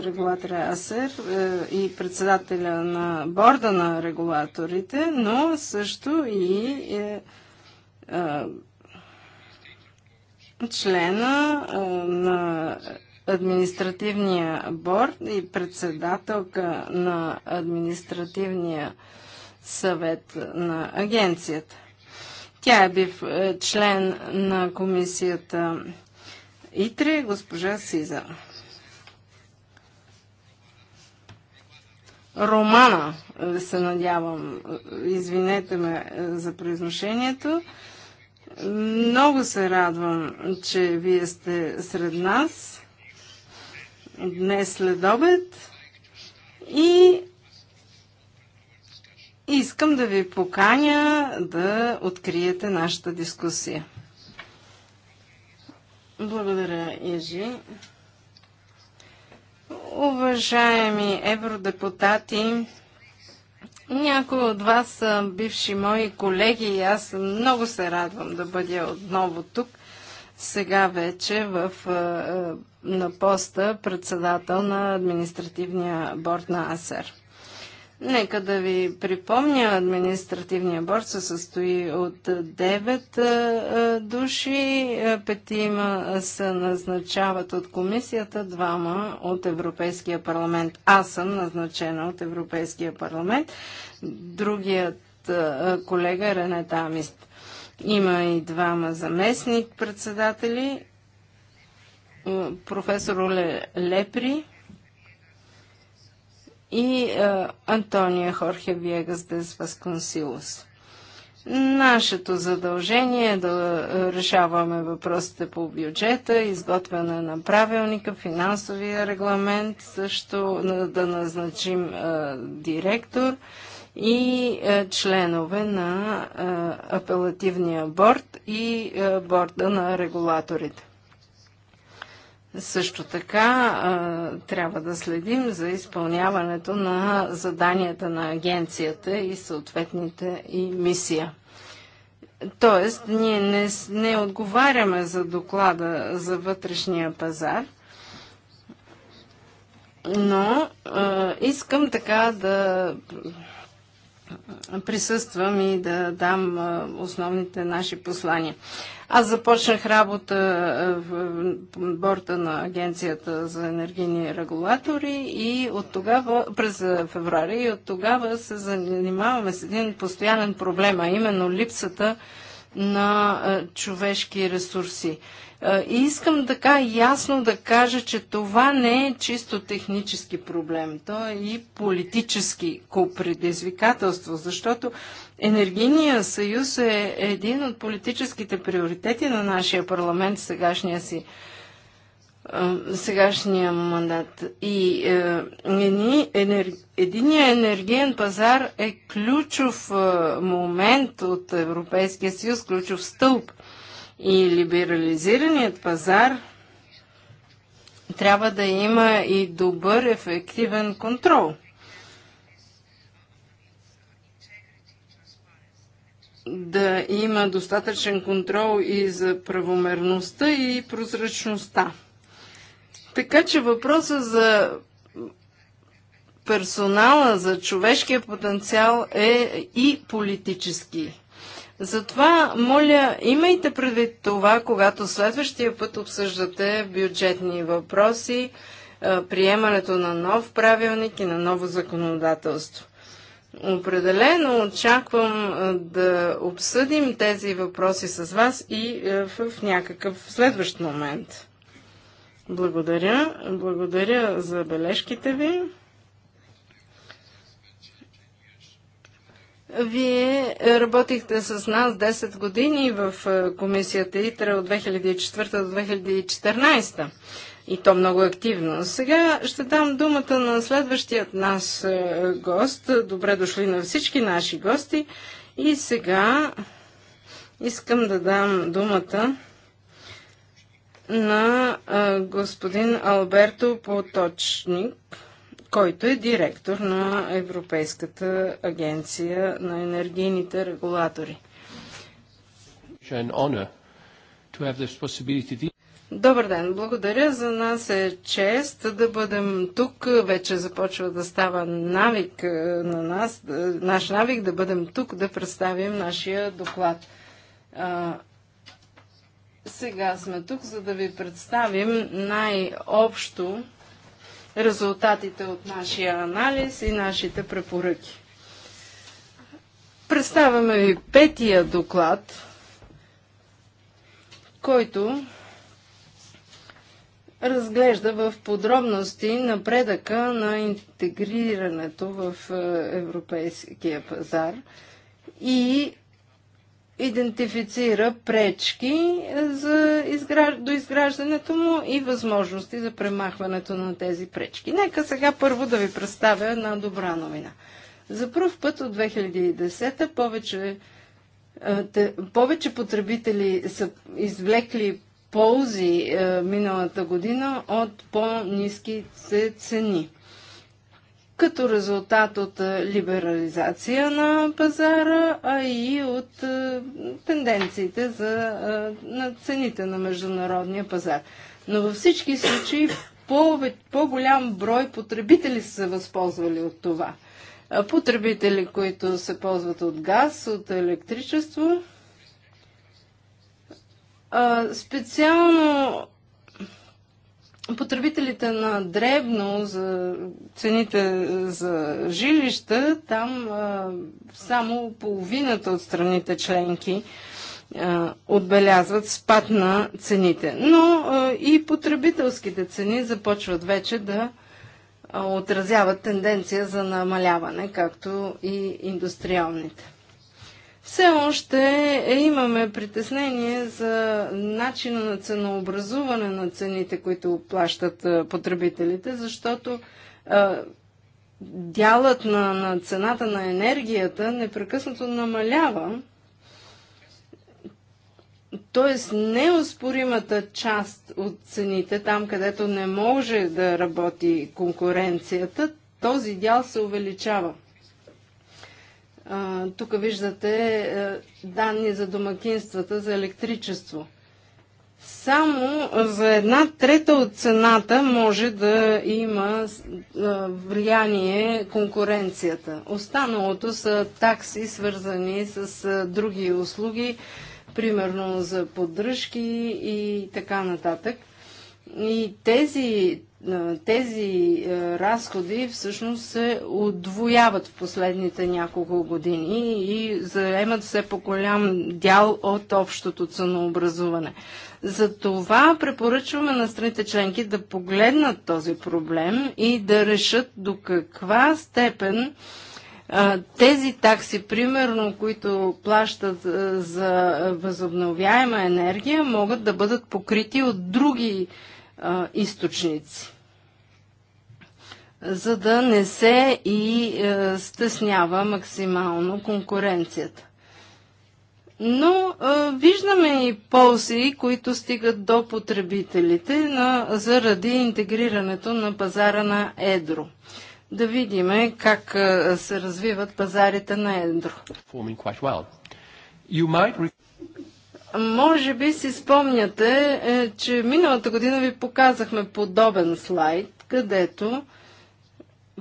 е, регулатора АСЕР е, и председателя на борда на регулаторите, но също и е, е, члена е, на административния борд и председателка на административния съвет на агенцията. Тя е бив е, член на комисията Итре, госпожа Сиза. Романа, е, се надявам, е, извинете ме е, за произношението. Много се радвам, че вие сте сред нас днес след обед и искам да ви поканя да откриете нашата дискусия. Благодаря, Ежи. Уважаеми евродепутати, някои от вас са бивши мои колеги и аз много се радвам да бъда отново тук, сега вече в, е, е, на поста председател на административния борт на АСЕР. Нека да ви припомня, административния борт се състои от 9 души, петима се назначават от комисията, двама от Европейския парламент. Аз съм назначена от Европейския парламент. Другият колега е Рене Тамист. Има и двама заместник председатели, професор Оле Лепри и е, Антония Хорхе Виегас Дес Васконсилос. Нашето задължение е да решаваме въпросите по бюджета, изготвяне на правилника, финансовия регламент, също да назначим е, директор и е, членове на е, апелативния борт и борда на регулаторите. Също така трябва да следим за изпълняването на заданията на агенцията и съответните и мисия. Тоест, ние не, не отговаряме за доклада за вътрешния пазар, но искам така да присъствам и да дам основните наши послания. Аз започнах работа в борта на Агенцията за енергийни регулатори и от тогава, през феврари, и от тогава се занимаваме с един постоянен проблем, а именно липсата на е, човешки ресурси. Е, и искам така ясно да кажа, че това не е чисто технически проблем, то е и политически предизвикателство, защото енергийният съюз е един от политическите приоритети на нашия парламент в сегашния си сегашния мандат. И е, единия енергиен пазар е ключов е, момент от Европейския съюз, ключов стълб. И либерализираният пазар трябва да има и добър ефективен контрол. Да има достатъчен контрол и за правомерността и прозрачността. Така че въпроса за персонала, за човешкия потенциал е и политически. Затова, моля, имайте предвид това, когато следващия път обсъждате бюджетни въпроси, е, приемането на нов правилник и на ново законодателство. Определено очаквам е, да обсъдим тези въпроси с вас и е, в някакъв следващ момент. Благодаря. Благодаря за бележките ви. Вие работихте с нас 10 години в е, комисията ИТРА от 2004 до 2014 и то много активно. Сега ще дам думата на следващият нас е, гост. Добре дошли на всички наши гости. И сега искам да дам думата на господин Алберто Поточник, който е директор на Европейската агенция на енергийните регулатори. Добър ден, благодаря. За нас е чест да бъдем тук. Вече започва да става навик на нас, наш навик да бъдем тук, да представим нашия доклад. Сега сме тук, за да ви представим най-общо резултатите от нашия анализ и нашите препоръки. Представяме ви петия доклад, който разглежда в подробности напредъка на интегрирането в е, европейския пазар и идентифицира пречки за изграж... до изграждането му и възможности за премахването на тези пречки. Нека сега първо да ви представя една добра новина. За първ път от 2010 повече, те, повече потребители са извлекли ползи е, миналата година от по-низките цени като резултат от либерализация на пазара, а и от тенденциите за, на цените на международния пазар. Но във всички случаи по-голям по брой потребители са се възползвали от това. Потребители, които се ползват от газ, от електричество. Специално потребителите на дребно за цените за жилища, там само половината от страните членки отбелязват спад на цените. Но и потребителските цени започват вече да отразяват тенденция за намаляване, както и индустриалните. Все още имаме притеснение за начина на ценообразуване на цените, които плащат потребителите, защото дялът на, на цената на енергията непрекъснато намалява. Тоест, неоспоримата част от цените, там където не може да работи конкуренцията, този дял се увеличава. Тук виждате е, данни за домакинствата за електричество. Само за една трета от цената може да има е, влияние конкуренцията. Останалото са такси, свързани с е, други услуги, примерно за поддръжки и така нататък. И тези тези разходи всъщност се отвояват в последните няколко години и заемат все по-голям дял от общото ценообразуване. Затова препоръчваме на страните членки да погледнат този проблем и да решат до каква степен тези такси, примерно, които плащат за възобновяема енергия, могат да бъдат покрити от други а, източници, за да не се и а, е, стеснява максимално конкуренцията. Но а, е, виждаме и ползи, които стигат до потребителите на, заради интегрирането на пазара на едро. Да видим как а, е, се развиват пазарите на едро. Може би си спомняте, е, че миналата година ви показахме подобен слайд, където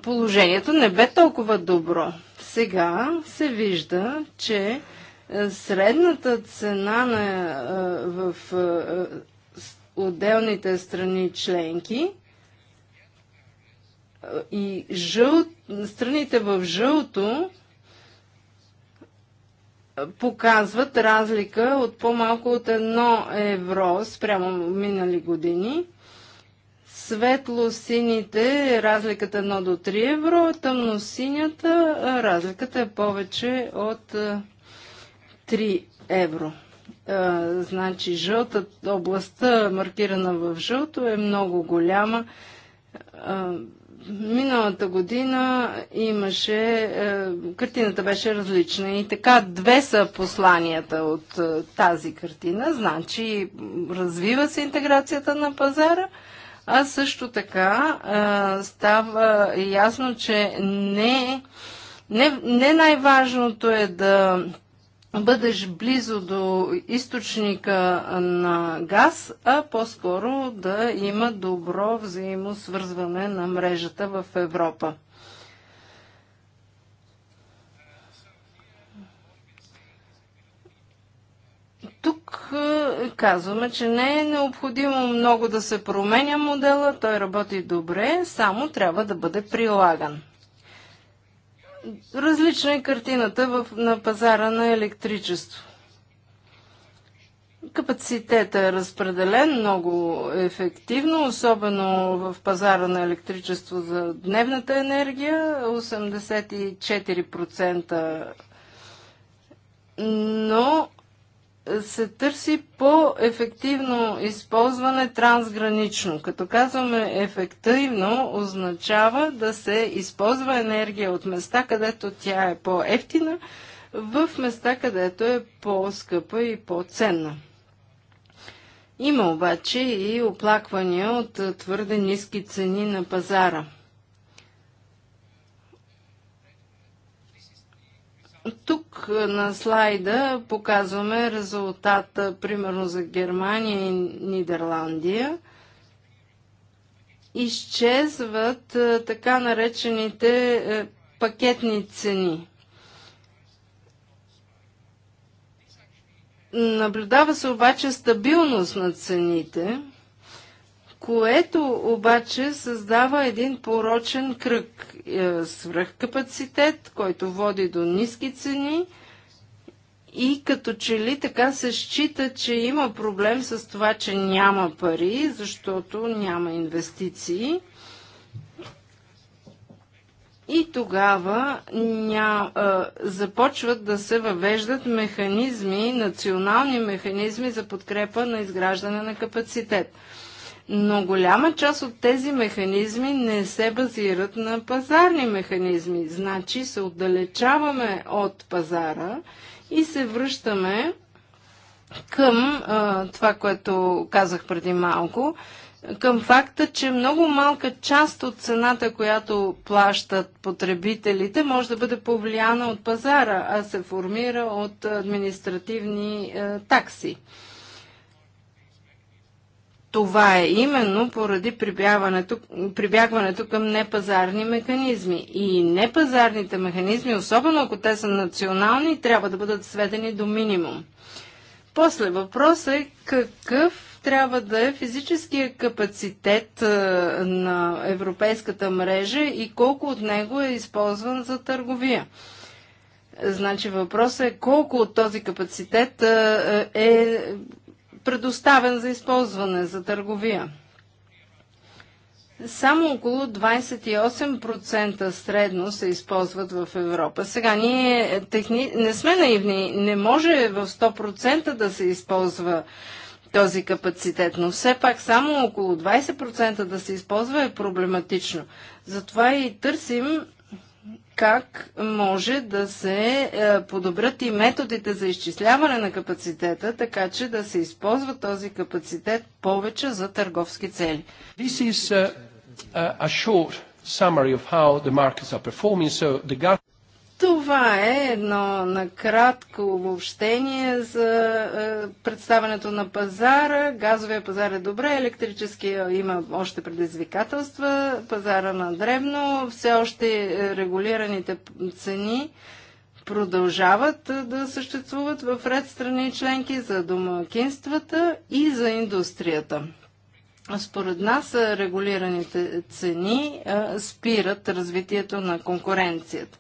положението не бе толкова добро. Сега се вижда, че е, средната цена на, е, в отделните страни членки и жъл... страните в жълто показват разлика от по-малко от 1 евро спрямо минали години. Светло-сините разликата 1 до 3 евро, тъмно-синята разликата е повече от 3 евро. значи жълта областта, маркирана в жълто, е много голяма. Миналата година имаше, е, картината беше различна и така две са посланията от е, тази картина. Значи развива се интеграцията на пазара, а също така е, става ясно, че не, не, не най-важното е да бъдеш близо до източника на газ, а по-скоро да има добро взаимосвързване на мрежата в Европа. Тук е, казваме, че не е необходимо много да се променя модела, той работи добре, само трябва да бъде прилаган. Различна е картината в, на пазара на електричество. Капацитетът е разпределен много ефективно, особено в пазара на електричество за дневната енергия 84%. Но се търси по-ефективно използване трансгранично. Като казваме ефективно, означава да се използва енергия от места, където тя е по-ефтина, в места, където е по-скъпа и по-ценна. Има обаче и оплаквания от твърде ниски цени на пазара – Тук на слайда показваме резултата, примерно за Германия и Нидерландия. Изчезват така наречените пакетни цени. Наблюдава се обаче стабилност на цените – което обаче създава един порочен кръг. Е, свръхкапацитет, който води до ниски цени и като че ли така се счита, че има проблем с това, че няма пари, защото няма инвестиции. И тогава ня, а, е, започват да се въвеждат механизми, национални механизми за подкрепа на изграждане на капацитет но голяма част от тези механизми не се базират на пазарни механизми. Значи се отдалечаваме от пазара и се връщаме към а, това, което казах преди малко, към факта, че много малка част от цената, която плащат потребителите, може да бъде повлияна от пазара, а се формира от административни а, такси. Това е именно поради прибягването, прибягването към непазарни механизми. И непазарните механизми, особено ако те са национални, трябва да бъдат сведени до минимум. После въпрос е какъв трябва да е физическия капацитет на европейската мрежа и колко от него е използван за търговия. Значи въпросът е колко от този капацитет е предоставен за използване, за търговия. Само около 28% средно се използват в Европа. Сега ние е, техни... не сме наивни. Не може в 100% да се използва този капацитет, но все пак само около 20% да се използва е проблематично. Затова и търсим как може да се е, подобрят и методите за изчисляване на капацитета, така че да се използва този капацитет повече за търговски цели. This is a, е, е, a short summary of how the markets are performing. So the това е едно накратко обобщение за е, представането на пазара. Газовия пазар е добре, електрическия има още предизвикателства, пазара на дребно, все още е, регулираните цени продължават е, да съществуват в ред страни членки за домакинствата и за индустрията. Според нас регулираните цени спират развитието на конкуренцията.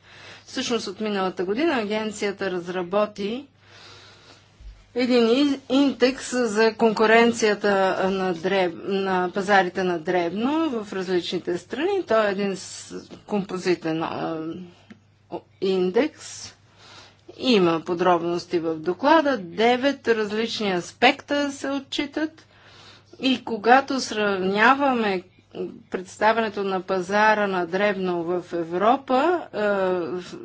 Всъщност от миналата година агенцията разработи един индекс за конкуренцията на, дреб, на пазарите на дребно в различните страни. Той е един композитен индекс. Има подробности в доклада. Девет различни аспекта се отчитат. И когато сравняваме представянето на пазара на дребно в Европа, е,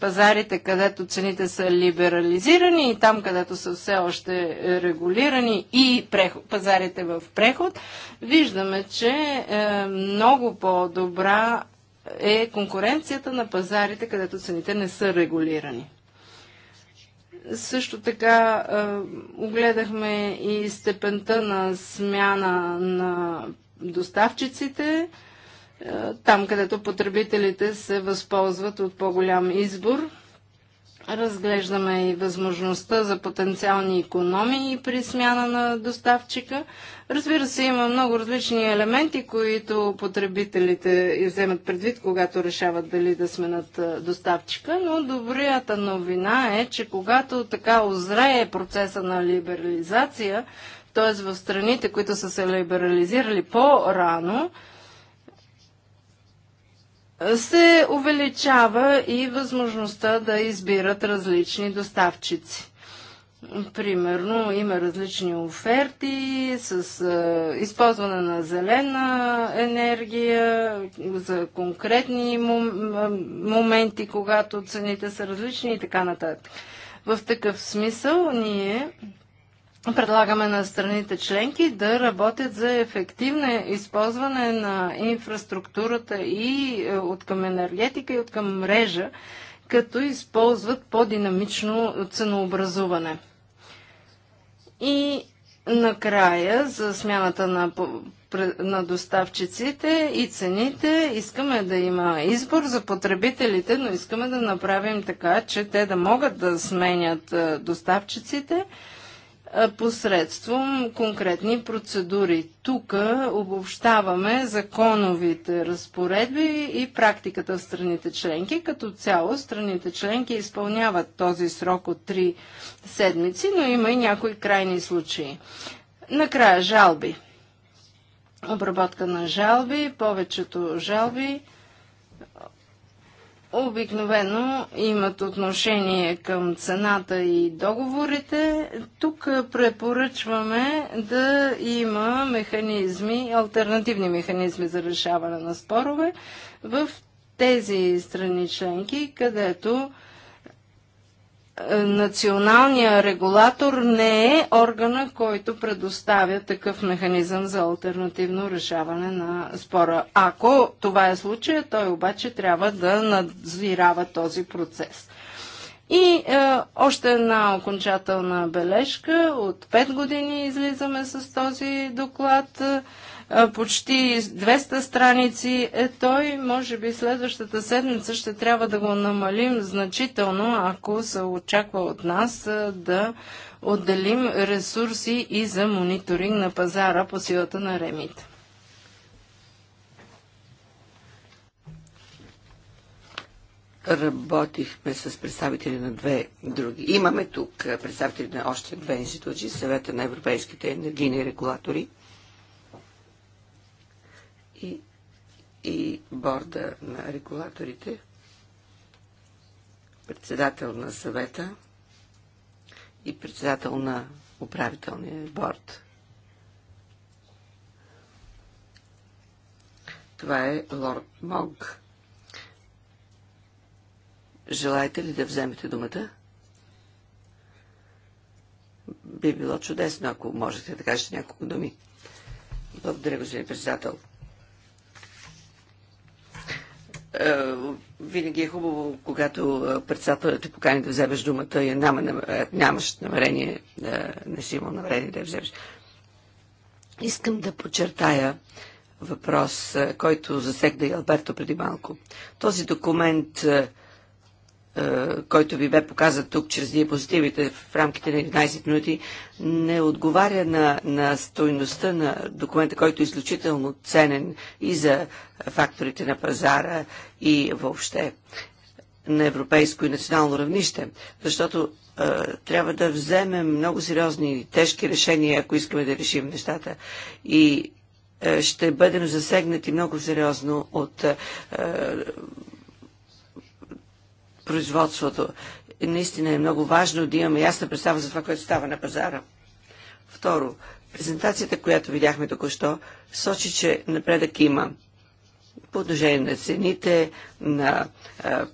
пазарите, където цените са либерализирани и там, където са все още регулирани и преход, пазарите в преход, виждаме, че е, много по-добра е конкуренцията на пазарите, където цените не са регулирани. Също така е, огледахме и степента на смяна на доставчиците, е, там където потребителите се възползват от по-голям избор. Разглеждаме и възможността за потенциални економии при смяна на доставчика. Разбира се, има много различни елементи, които потребителите вземат предвид, когато решават дали да сменят е, доставчика, но добрията новина е, че когато така озрее процеса на либерализация, т.е. в страните, които са се либерализирали по-рано, се увеличава и възможността да избират различни доставчици. Примерно има различни оферти с а, е, използване на зелена енергия за конкретни мом, моменти, когато цените са различни и така нататък. В такъв смисъл ние предлагаме на страните членки да работят за ефективно използване на инфраструктурата и е, от към енергетика и от към мрежа, като използват по-динамично ценообразуване. И накрая за смяната на, на доставчиците и цените искаме да има избор за потребителите, но искаме да направим така, че те да могат да сменят е, доставчиците – посредством конкретни процедури. Тук обобщаваме законовите разпоредби и практиката в страните членки. Като цяло страните членки изпълняват този срок от 3 седмици, но има и някои крайни случаи. Накрая жалби. Обработка на жалби. Повечето жалби обикновено имат отношение към цената и договорите. Тук препоръчваме да има механизми, альтернативни механизми за решаване на спорове в тези страни членки, където националният регулатор не е органа, който предоставя такъв механизъм за альтернативно решаване на спора. Ако това е случая, той обаче трябва да надзирава този процес. И е, още една окончателна бележка. От 5 години излизаме с този доклад почти 200 страници. Е, той, може би, следващата седмица ще трябва да го намалим значително, ако се очаква от нас да отделим ресурси и за мониторинг на пазара по силата на ремите. Работихме с представители на две други. Имаме тук представители на още две институции, съвета на европейските енергийни регулатори – и, и борда на регулаторите, председател на съвета и председател на управителния борд. Това е лорд Мог. Желаете ли да вземете думата? Би било чудесно, ако можете да кажете няколко думи. Благодаря, господин председател. Е, винаги е хубаво, когато е, председателят те покани да вземеш думата и няма, е, нямаш намерение, да, не си имал намерение да я вземеш. Искам да подчертая въпрос, който засегна и Алберто преди малко. Този документ е, който ви бе показан тук чрез диапозитивите в рамките на 11 минути, не отговаря на, на стойността на документа, който е изключително ценен и за факторите на пазара и въобще на европейско и национално равнище, защото е, трябва да вземем много сериозни и тежки решения, ако искаме да решим нещата. И е, ще бъдем засегнати много сериозно от е, производството. Наистина е много важно да имаме ясна представа за това, което става на пазара. Второ, презентацията, която видяхме току-що, сочи, че напредък има по отношение на цените, на а,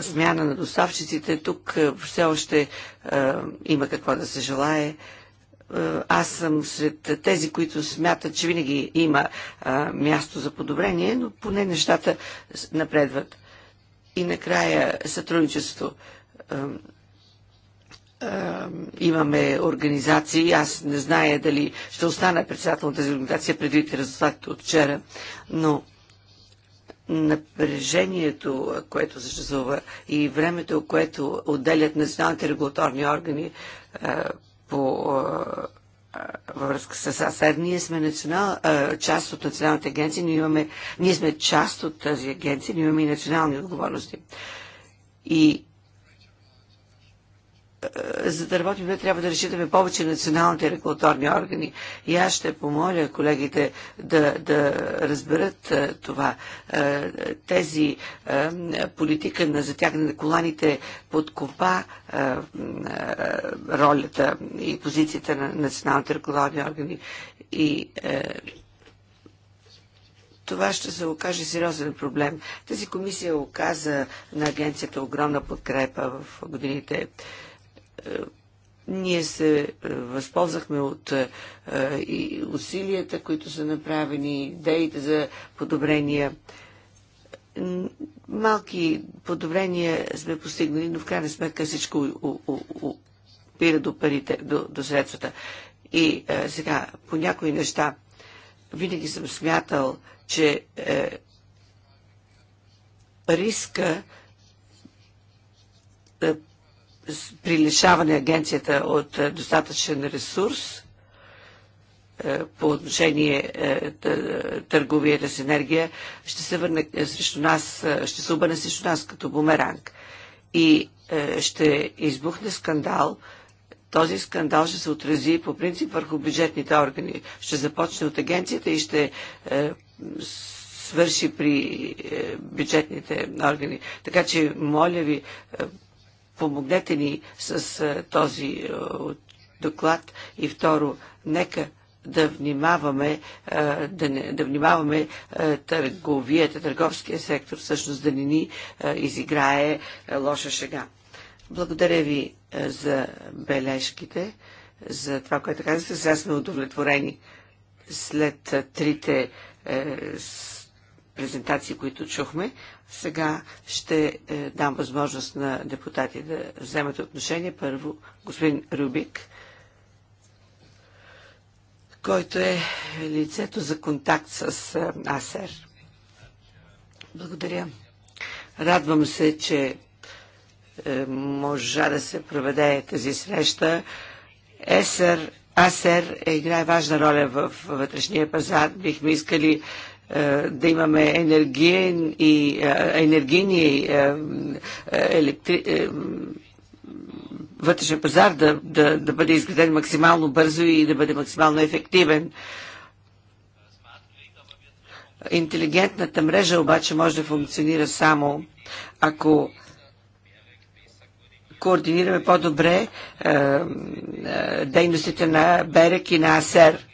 смяна на доставчиците. Тук а, все още а, има какво да се желае. Аз съм сред тези, които смятат, че винаги има а, място за подобрение, но поне нещата напредват. И накрая сътрудничество. Имаме организации. Аз не зная дали ще остана председател на тази организация предвид резултатите от вчера, но напрежението, което съществува и времето, което отделят националните регулаторни органи по във връзка с АСА. ние сме национал, част от националната агенция, ние, имаме, ние сме част от тази агенция, ние имаме и национални отговорности. И е, за да работим, ние трябва да решитаме повече националните регулаторни органи. И аз ще помоля колегите да, да разберат е, това. Е, тези политика на затягане на коланите подкопа ролята и позицията на националните регулаторни органи. И това ще се окаже сериозен проблем. Тази комисия оказа на агенцията огромна подкрепа в годините ние се е, възползвахме от е, усилията, които са направени, идеите за подобрения. Малки подобрения сме постигнали, но в крайна сметка всичко опира до парите, до, до средствата. И е, сега, по някои неща, винаги съм смятал, че е, риска е, при лишаване агенцията от е, достатъчен ресурс е, по отношение е, търговията с енергия, ще се върне срещу нас, ще се обърне срещу нас като бумеранг. И ще избухне скандал. Този скандал ще се отрази по принцип върху бюджетните органи. Ще започне от агенцията и ще свърши при бюджетните органи. Така че, моля ви, помогнете ни с този доклад и второ, нека да внимаваме, да, не, да внимаваме търговията, търговския сектор всъщност да не ни изиграе лоша шега. Благодаря ви за бележките, за това, което казахте. Сега сме удовлетворени след трите е, презентации, които чухме. Сега ще е, дам възможност на депутати да вземат отношение. Първо, господин Рубик, който е лицето за контакт с е, АСЕР. Благодаря. Радвам се, че е, можа да се проведе тази среща. ЕСЕР АСЕР играе важна роля в вътрешния пазар. Бихме искали е, да имаме енергиен и е, енергийни е, електри... вътрешен пазар да, да, да бъде изграден максимално бързо и да бъде максимално ефективен. Интелигентната мрежа обаче може да функционира само ако координираме по-добре е, е, дейностите на Берек и на АСЕР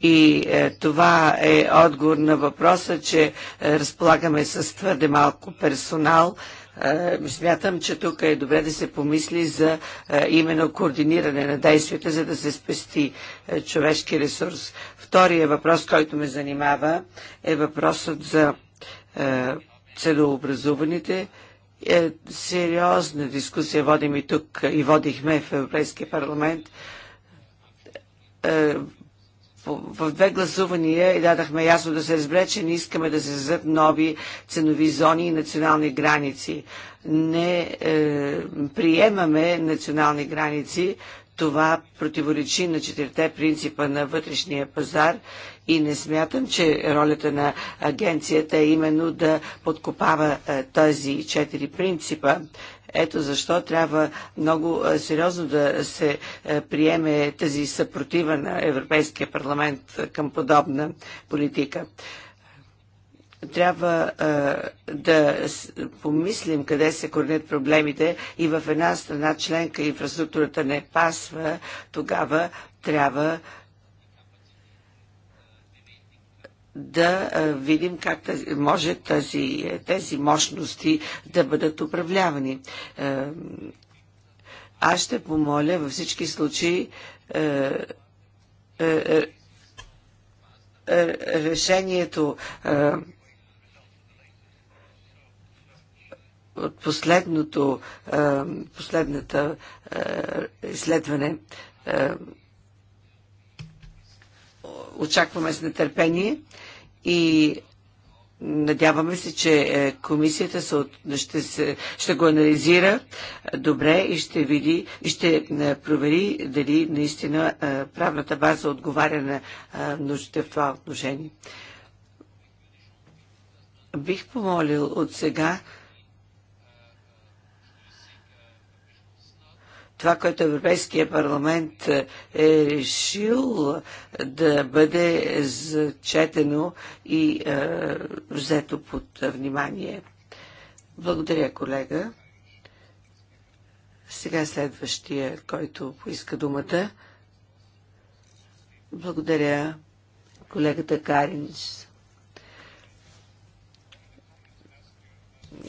и е, това е отговор на въпроса, че е, разполагаме с твърде малко персонал. Е, смятам, че тук е добре да се помисли за е, именно координиране на действията, за да се спести е, човешки ресурс. Втория въпрос, който ме занимава, е въпросът за е, целообразуваните е, сериозна дискусия водим и тук и водихме в Европейския парламент. Е, в две гласувания и дадахме ясно да се разбере, че не искаме да се създадат нови ценови зони и национални граници. Не е, приемаме национални граници. Това противоречи на четирите принципа на вътрешния пазар и не смятам, че ролята на агенцията е именно да подкопава е, тези четири принципа. Ето защо трябва много сериозно да се приеме тази съпротива на Европейския парламент към подобна политика трябва а, да помислим къде се коренят проблемите и в една страна членка инфраструктурата не пасва, тогава трябва да видим как тази, може тази, тези мощности да бъдат управлявани. Аз ще помоля във всички случаи решението от последното, последната изследване очакваме с нетърпение и Надяваме се, че е, комисията ще, се, ще го анализира е, добре и ще види и ще е, провери дали наистина правната база отговаря на нуждите в това отношение. Бих помолил от сега това, което Европейския парламент е, е решил е, да бъде зачетено и е, взето под внимание. Благодаря, колега. Сега е следващия, който поиска думата. Благодаря, колегата Каринс.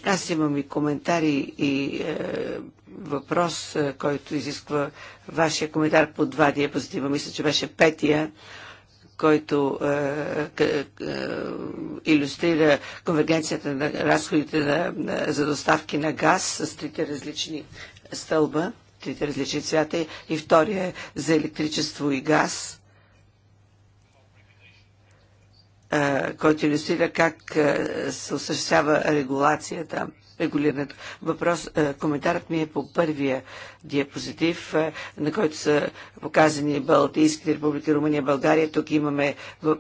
Аз имам и коментари и е, въпрос, е, който изисква вашия коментар по два диапозитива. Мисля, че беше петия който е, е, иллюстрира конвергенцията на разходите на, на, за доставки на газ с трите различни стълба, трите различни цвята и втория е за електричество и газ, който иллюстрира как се осъществява регулацията регулирането. Въпрос, е, коментарът ми е по първия диапозитив, е, на който са показани Балтийските републики, Румъния, България. Тук имаме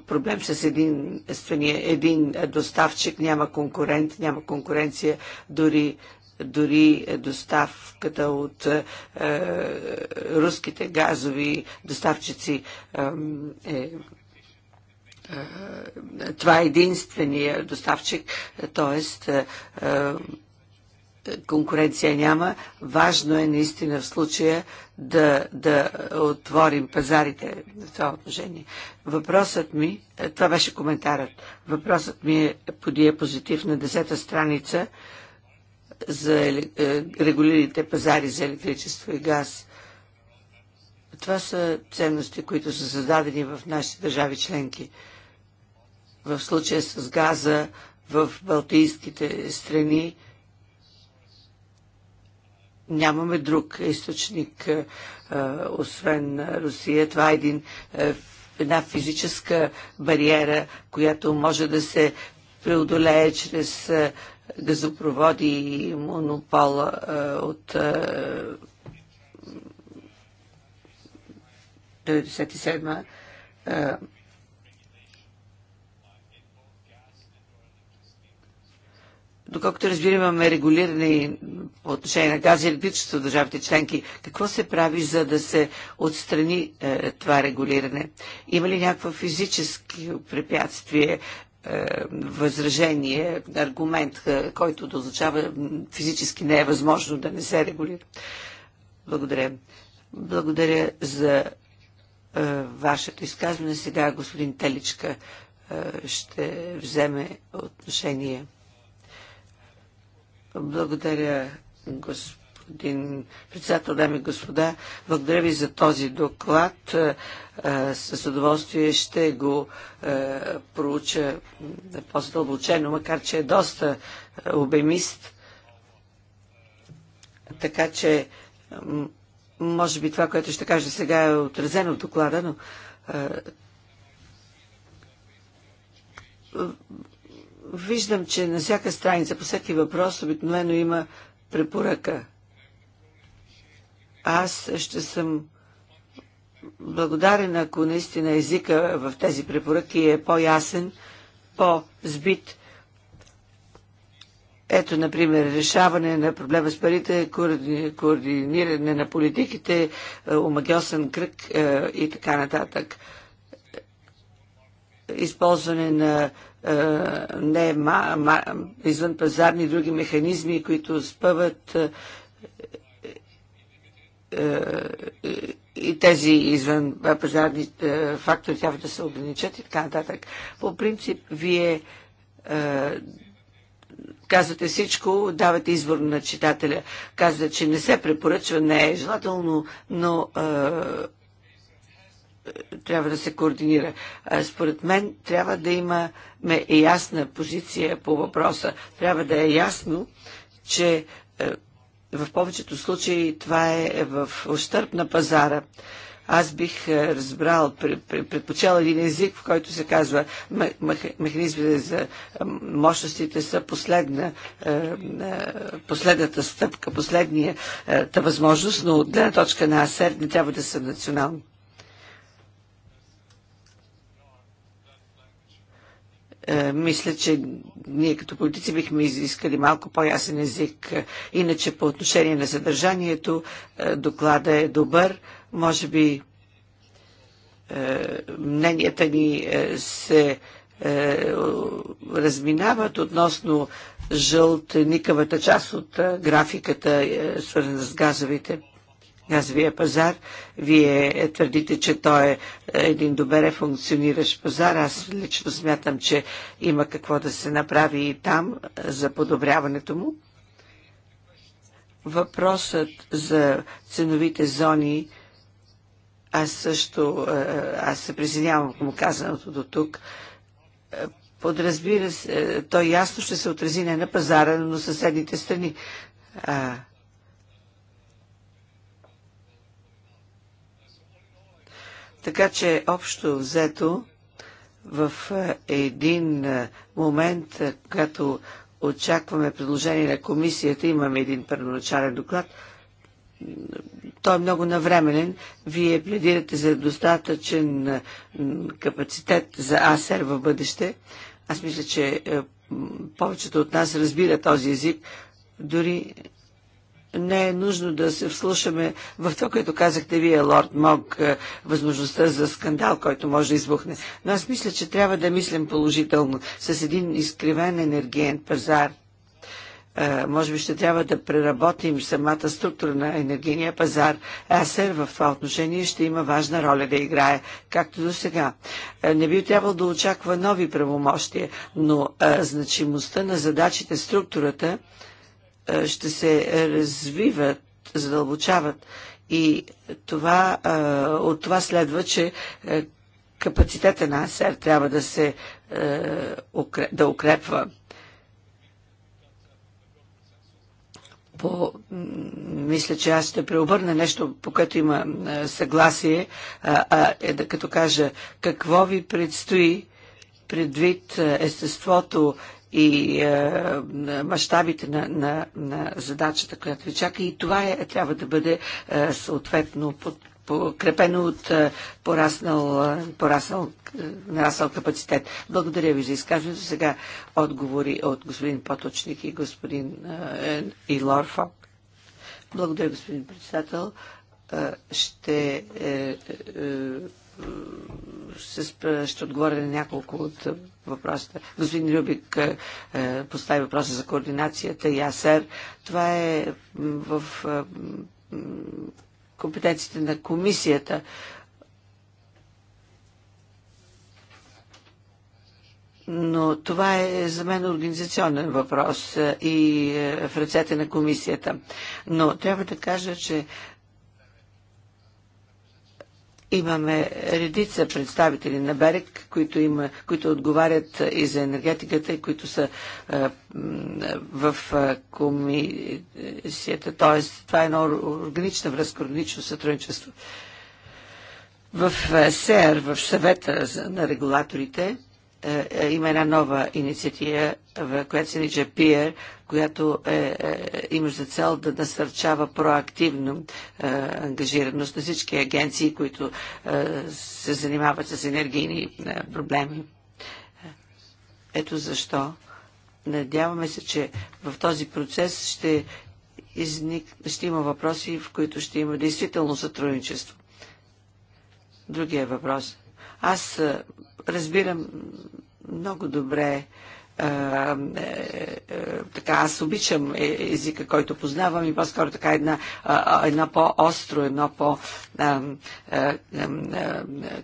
проблем с един, един доставчик, няма конкурент, няма конкуренция, дори дори доставката от е, е руските газови доставчици е, е това е единствения доставчик, т.е конкуренция няма. Важно е наистина в случая да, да отворим пазарите в това отношение. Въпросът ми, е, това беше коментарът, въпросът ми е по диапозитив на 10-та страница за е, регулираните пазари за електричество и газ. Това са ценности, които са създадени в нашите държави членки. В случая с газа в Балтийските страни нямаме друг източник, освен Русия. Това е един, една физическа бариера, която може да се преодолее чрез газопроводи и монопола от 97 Доколкото разбираме, имаме регулиране по отношение на газа и електричество в държавите членки. Какво се прави, за да се отстрани е, това регулиране? Има ли някакво физически препятствие, е, възражение, аргумент, е, който да означава физически не е възможно да не се регулира? Благодаря. Благодаря за е, вашето изказване. Сега господин Теличка е, ще вземе отношение. Благодаря, господин председател, дами и господа. Благодаря ви за този доклад. Е, е, с удоволствие ще го е, проуча по-задълбочено, макар че е доста обемист. Така че, може би това, което ще кажа сега е отразено в доклада, но Виждам, че на всяка страница по всеки въпрос обикновено има препоръка. Аз ще съм благодарен, ако наистина езика в тези препоръки е по-ясен, по-збит. Ето, например, решаване на проблема с парите, координиране на политиките, е, омагиосен кръг е, и така нататък. Е, използване на е, не ма, ма, извън пазарни други механизми, които спъват е, е, и тези извън пазарни фактори трябва да се ограничат и така нататък. По принцип, вие казвате всичко, давате извор на читателя. Казвате, че не се препоръчва, не е желателно, но трябва да се координира. Според мен трябва да имаме ясна позиция по въпроса. Трябва да е ясно, че е, в повечето случаи това е в ощърп на пазара. Аз бих е, разбрал, предпочел един език, в който се казва механизмите за е, мощностите са последна, последната стъпка, последната възможност, но от гледна точка на АСЕР не трябва да са национални. Е, мисля, че ние като политици бихме изискали малко по-ясен език. Е, иначе по отношение на съдържанието е, доклада е добър. Може би мненията ни се разминават относно жълт никавата част от графиката, свързана с газовите газовия пазар. Вие твърдите, че той е един добре функциониращ пазар. Аз лично смятам, че има какво да се направи и там за подобряването му. Въпросът за ценовите зони аз също е, аз се присъединявам към казаното до тук. Е, подразбира се, е, той ясно ще се отрази не на пазара, но на съседните страни. Така че общо взето в е, един е, момент, е, когато очакваме предложение на комисията, имаме един първоначален доклад, той е много навременен. Вие пледирате за достатъчен капацитет за АСЕР в бъдеще. Аз мисля, че повечето от нас разбира този език. Дори не е нужно да се вслушаме в това, което казахте вие, лорд Мог, е, възможността за скандал, който може да избухне. Но аз мисля, че трябва да мислим положително с един изкривен енергиен пазар. Е, може би ще трябва да преработим самата структура на енергийния пазар. АСЕР в това отношение ще има важна роля да играе, както до сега. Е, не би трябвало да очаква нови правомощия, но значимостта на задачите, структурата, е, ще се развиват, задълбочават. И това, е, от това следва, че е, капацитета на АСЕР трябва да се да укрепва. по, мисля, че аз ще преобърна нещо, по което има съгласие, а, е да като кажа какво ви предстои предвид естеството и а, е, мащабите на, на, на задачата, която ви чака. И това е, трябва да бъде а, е, съответно под покрепено от е, пораснал, пораснал, нарасъл капацитет. Благодаря ви за изказването. Сега отговори от господин Поточник и господин е, Илор Фок. Благодаря, господин председател. Ще е, е, ще, ще отговоря на няколко от въпросите. Господин Любик е, е, постави въпроса за координацията и АСЕР. Това е в е, компетенциите на комисията. Но това е за мен организационен въпрос е, и е, в ръцете на комисията. Но трябва да кажа, че Имаме редица представители на Берек, които, има, които отговарят и за енергетиката, и които са а, в а, комисията. Тоест, това е едно органична връзка, органично сътрудничество. В СЕР, в съвета на регулаторите, е, е, има една нова инициатива, която се нарича Peer, която е, е, има за цел да насърчава проактивно е, ангажираност на всички агенции, които е, се занимават с енергийни е, проблеми. Ето защо. Надяваме се, че в този процес ще, изник, ще има въпроси, в които ще има действително сътрудничество. Другия въпрос – аз разбирам много добре а, е, е, така, аз обичам е, езика, който познавам и по-скоро така една, една едно по-остро, едно по-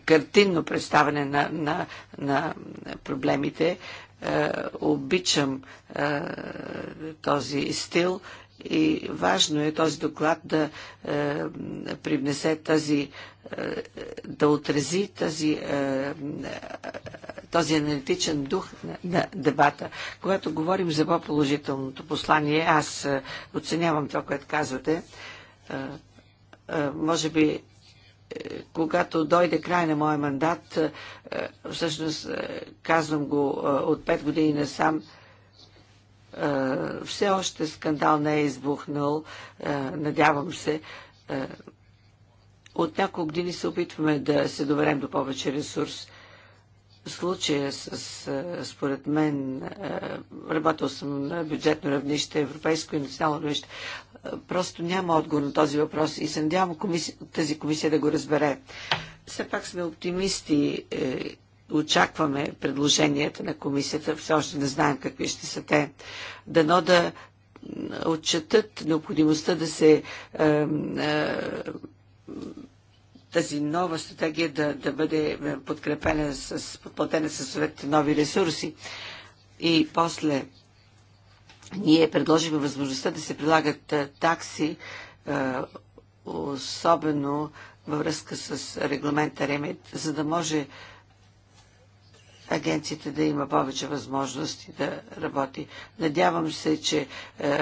картинно представяне на, на, на проблемите. А, обичам а, този стил и важно е този доклад да е, привнесе тази, е, да отрази тази, е, този аналитичен дух на, на дебата. Когато говорим за по-положителното послание, аз е, оценявам това, което казвате. Е, е, може би е, когато дойде край на моя мандат, е, всъщност е, казвам го от 5 години насам, е, все още скандал не е избухнал, е, надявам се. Е, от няколко години се опитваме да се доверем до повече ресурс. Случая с, според мен, работил съм на бюджетно равнище, европейско и национално равнище, просто няма отговор на този въпрос и се надявам тази комисия да го разбере. Все пак сме оптимисти очакваме предложенията на комисията, все още не знаем какви ще са те. Дано да отчетат необходимостта да се е, е, тази нова стратегия да, да бъде е, подкрепена с, подплатена със съветите нови ресурси. И после ние предложихме възможността да се прилагат е, такси, е, особено във връзка с регламента Ремет, за да може агенцията да има повече възможности да работи. Надявам се, че е,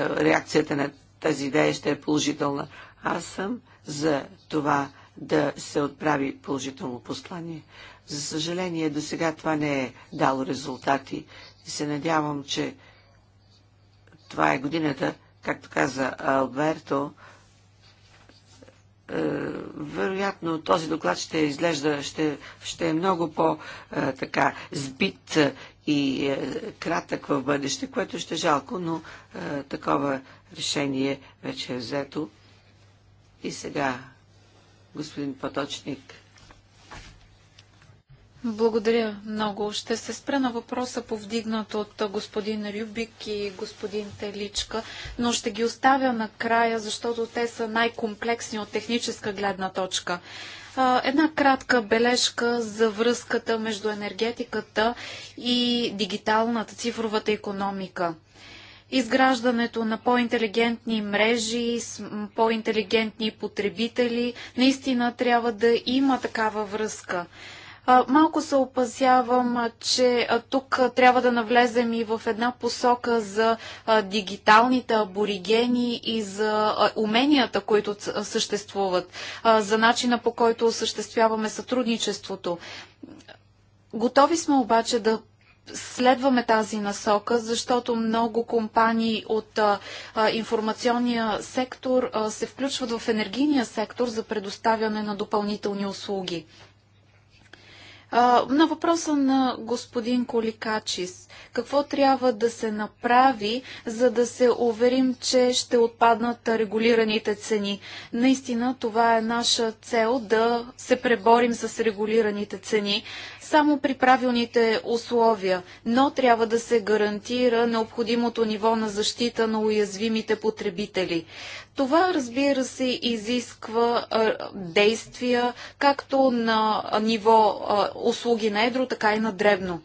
реакцията на тази идея ще е положителна. Аз съм за това да се отправи положително послание. За съжаление, до сега това не е дало резултати и се надявам, че това е годината, както каза Алберто, е, вероятно този доклад ще изглежда, ще, ще е много по-така е, сбит и е, кратък в бъдеще, което ще е жалко, но такова решение вече е взето. И сега, господин Поточник. Благодаря много. Ще се спра на въпроса, повдигнат от господин Рюбик и господин Теличка, но ще ги оставя накрая, защото те са най-комплексни от техническа гледна точка. Една кратка бележка за връзката между енергетиката и дигиталната цифровата економика изграждането на по-интелигентни мрежи, по-интелигентни потребители, наистина трябва да има такава връзка. Малко се опасявам, че тук трябва да навлезем и в една посока за дигиталните аборигени и за уменията, които съществуват, за начина по който осъществяваме сътрудничеството. Готови сме обаче да следваме тази насока, защото много компании от а, информационния сектор а, се включват в енергийния сектор за предоставяне на допълнителни услуги на въпроса на господин Коликачис, какво трябва да се направи, за да се уверим, че ще отпаднат регулираните цени? Наистина това е наша цел да се преборим с регулираните цени само при правилните условия, но трябва да се гарантира необходимото ниво на защита на уязвимите потребители. Това, разбира се, изисква действия както на ниво услуги на едро, така и на дребно.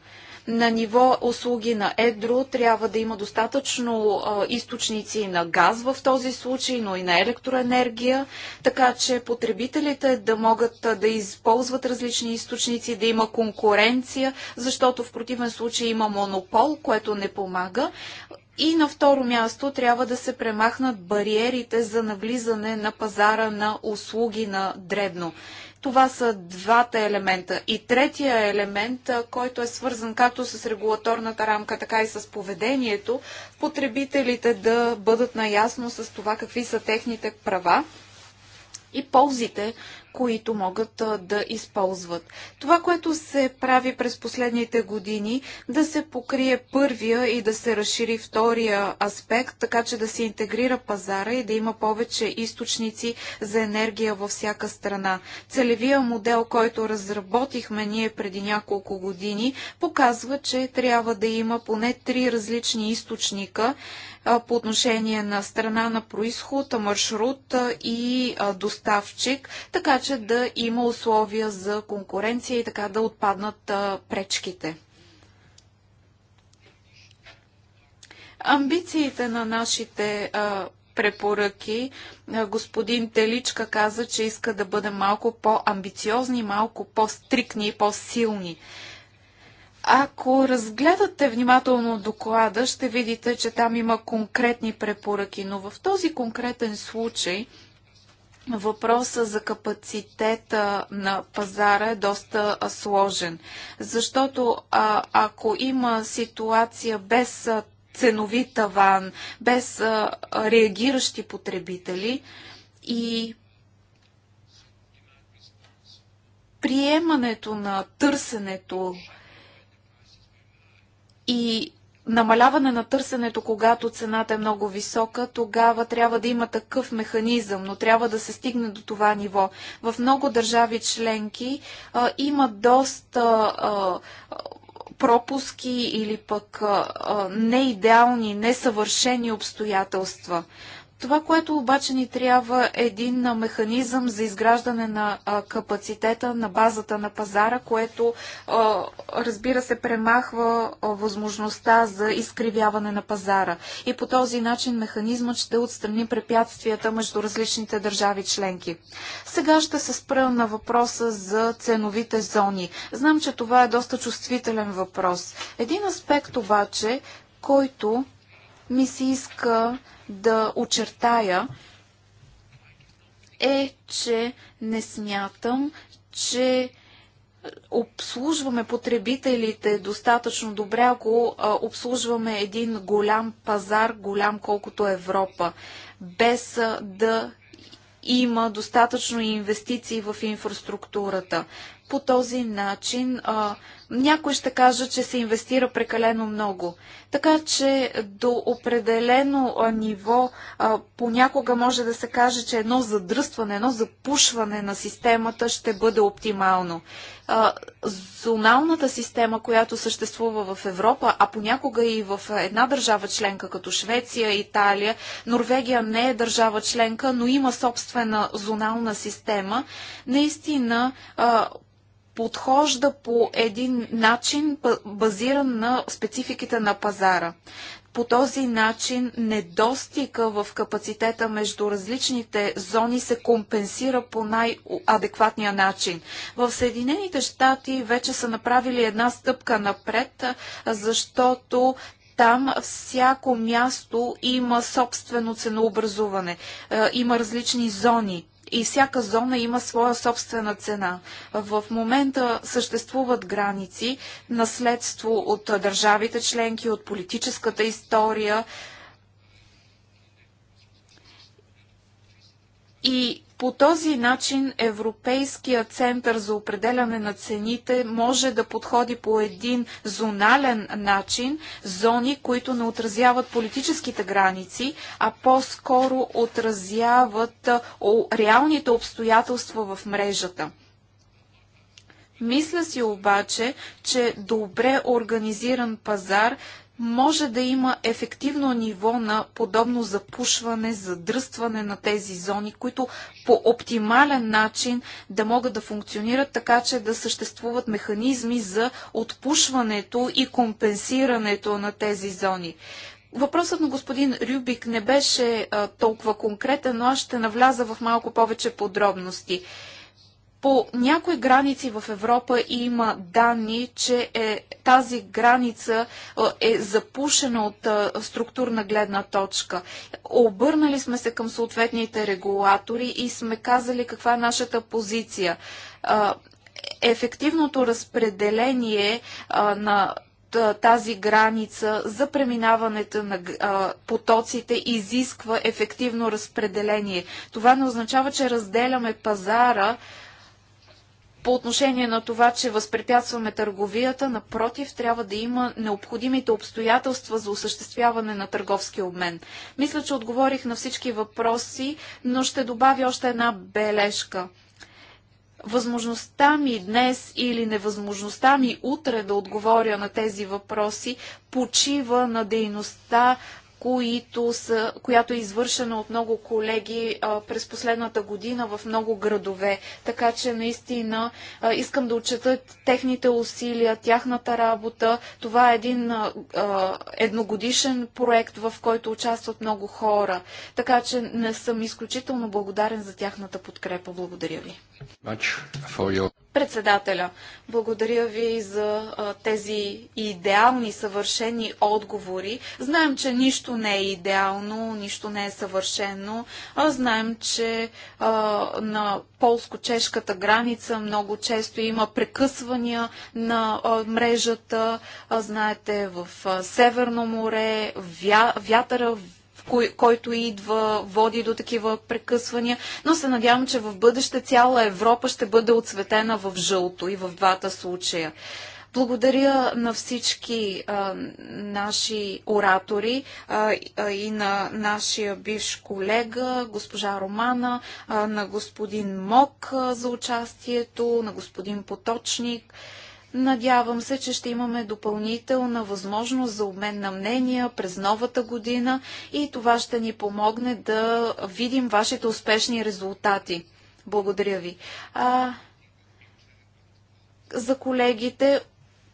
На ниво услуги на едро трябва да има достатъчно източници на газ в този случай, но и на електроенергия, така че потребителите да могат да използват различни източници, да има конкуренция, защото в противен случай има монопол, което не помага. И на второ място трябва да се премахнат бариерите за навлизане на пазара на услуги на дребно. Това са двата елемента. И третия елемент, който е свързан както с регулаторната рамка, така и с поведението, потребителите да бъдат наясно с това какви са техните права и ползите, които могат да използват. Това, което се прави през последните години, да се покрие първия и да се разшири втория аспект, така че да се интегрира пазара и да има повече източници за енергия във всяка страна. Целевия модел, който разработихме ние преди няколко години, показва, че трябва да има поне три различни източника по отношение на страна на происход, маршрут и доставчик, така че да има условия за конкуренция и така да отпаднат пречките. Амбициите на нашите препоръки. Господин Теличка каза, че иска да бъдем малко по-амбициозни, малко по-стрикни и по-силни. Ако разгледате внимателно доклада, ще видите, че там има конкретни препоръки, но в този конкретен случай въпроса за капацитета на пазара е доста сложен. Защото а, ако има ситуация без ценови таван, без а, реагиращи потребители и приемането на търсенето и намаляване на търсенето, когато цената е много висока, тогава трябва да има такъв механизъм, но трябва да се стигне до това ниво. В много държави членки а, има доста а, пропуски или пък а, неидеални, несъвършени обстоятелства. Това, което обаче ни трябва е един механизъм за изграждане на капацитета на базата на пазара, което разбира се премахва възможността за изкривяване на пазара. И по този начин механизмът ще отстрани препятствията между различните държави членки. Сега ще се спра на въпроса за ценовите зони. Знам, че това е доста чувствителен въпрос. Един аспект обаче, който ми се иска да очертая е, че не смятам, че обслужваме потребителите достатъчно добре, ако а, обслужваме един голям пазар, голям колкото Европа, без а, да има достатъчно инвестиции в инфраструктурата. По този начин а, някой ще каже, че се инвестира прекалено много. Така че до определено ниво понякога може да се каже, че едно задръстване, едно запушване на системата ще бъде оптимално. Зоналната система, която съществува в Европа, а понякога и в една държава членка, като Швеция, Италия, Норвегия не е държава членка, но има собствена зонална система, наистина подхожда по един начин, базиран на спецификите на пазара. По този начин недостига в капацитета между различните зони се компенсира по най-адекватния начин. В Съединените щати вече са направили една стъпка напред, защото там всяко място има собствено ценообразуване, е, има различни зони и всяка зона има своя собствена цена. В момента съществуват граници, наследство от държавите членки, от политическата история. И по този начин Европейския център за определяне на цените може да подходи по един зонален начин, зони, които не отразяват политическите граници, а по-скоро отразяват реалните обстоятелства в мрежата. Мисля си обаче, че добре организиран пазар може да има ефективно ниво на подобно запушване, задръстване на тези зони, които по оптимален начин да могат да функционират така, че да съществуват механизми за отпушването и компенсирането на тези зони. Въпросът на господин Рюбик не беше а, толкова конкретен, но аз ще навляза в малко повече подробности. По някои граници в Европа има данни, че е, тази граница е, е запушена от е, структурна гледна точка. Обърнали сме се към съответните регулатори и сме казали каква е нашата позиция. Е, ефективното разпределение на тази граница за преминаването на потоците изисква ефективно разпределение. Това не означава, че разделяме пазара по отношение на това, че възпрепятстваме търговията, напротив, трябва да има необходимите обстоятелства за осъществяване на търговски обмен. Мисля, че отговорих на всички въпроси, но ще добавя още една бележка възможността ми днес или невъзможността ми утре да отговоря на тези въпроси почива на дейността които са, която е извършена от много колеги а, през последната година в много градове. Така че наистина а, искам да отчета техните усилия, тяхната работа. Това е един а, едногодишен проект, в който участват много хора. Така че не съм изключително благодарен за тяхната подкрепа. Благодаря ви. Председателя, благодаря ви за а, тези идеални, съвършени отговори. Знаем, че нищо не е идеално, нищо не е съвършено. А, знаем, че а, на полско-чешката граница много често има прекъсвания на а, мрежата. А, знаете, в а, Северно море вя, вятъра кой, който идва, води до такива прекъсвания, но се надявам, че в бъдеще цяла Европа ще бъде отсветена в жълто и в двата случая. Благодаря на всички а, наши оратори а, и на нашия бивш колега, госпожа Романа, а, на господин Мок а, за участието, на господин Поточник. Надявам се, че ще имаме допълнителна възможност за обмен на мнения през новата година и това ще ни помогне да видим вашите успешни резултати. Благодаря ви. А, за колегите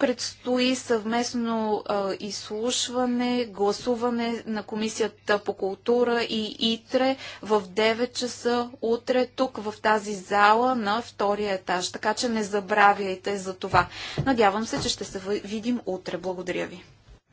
Предстои съвместно а, изслушване, гласуване на Комисията по култура и ИТРЕ в 9 часа утре тук в тази зала на втория етаж. Така че не забравяйте за това. Надявам се, че ще се видим утре. Благодаря ви.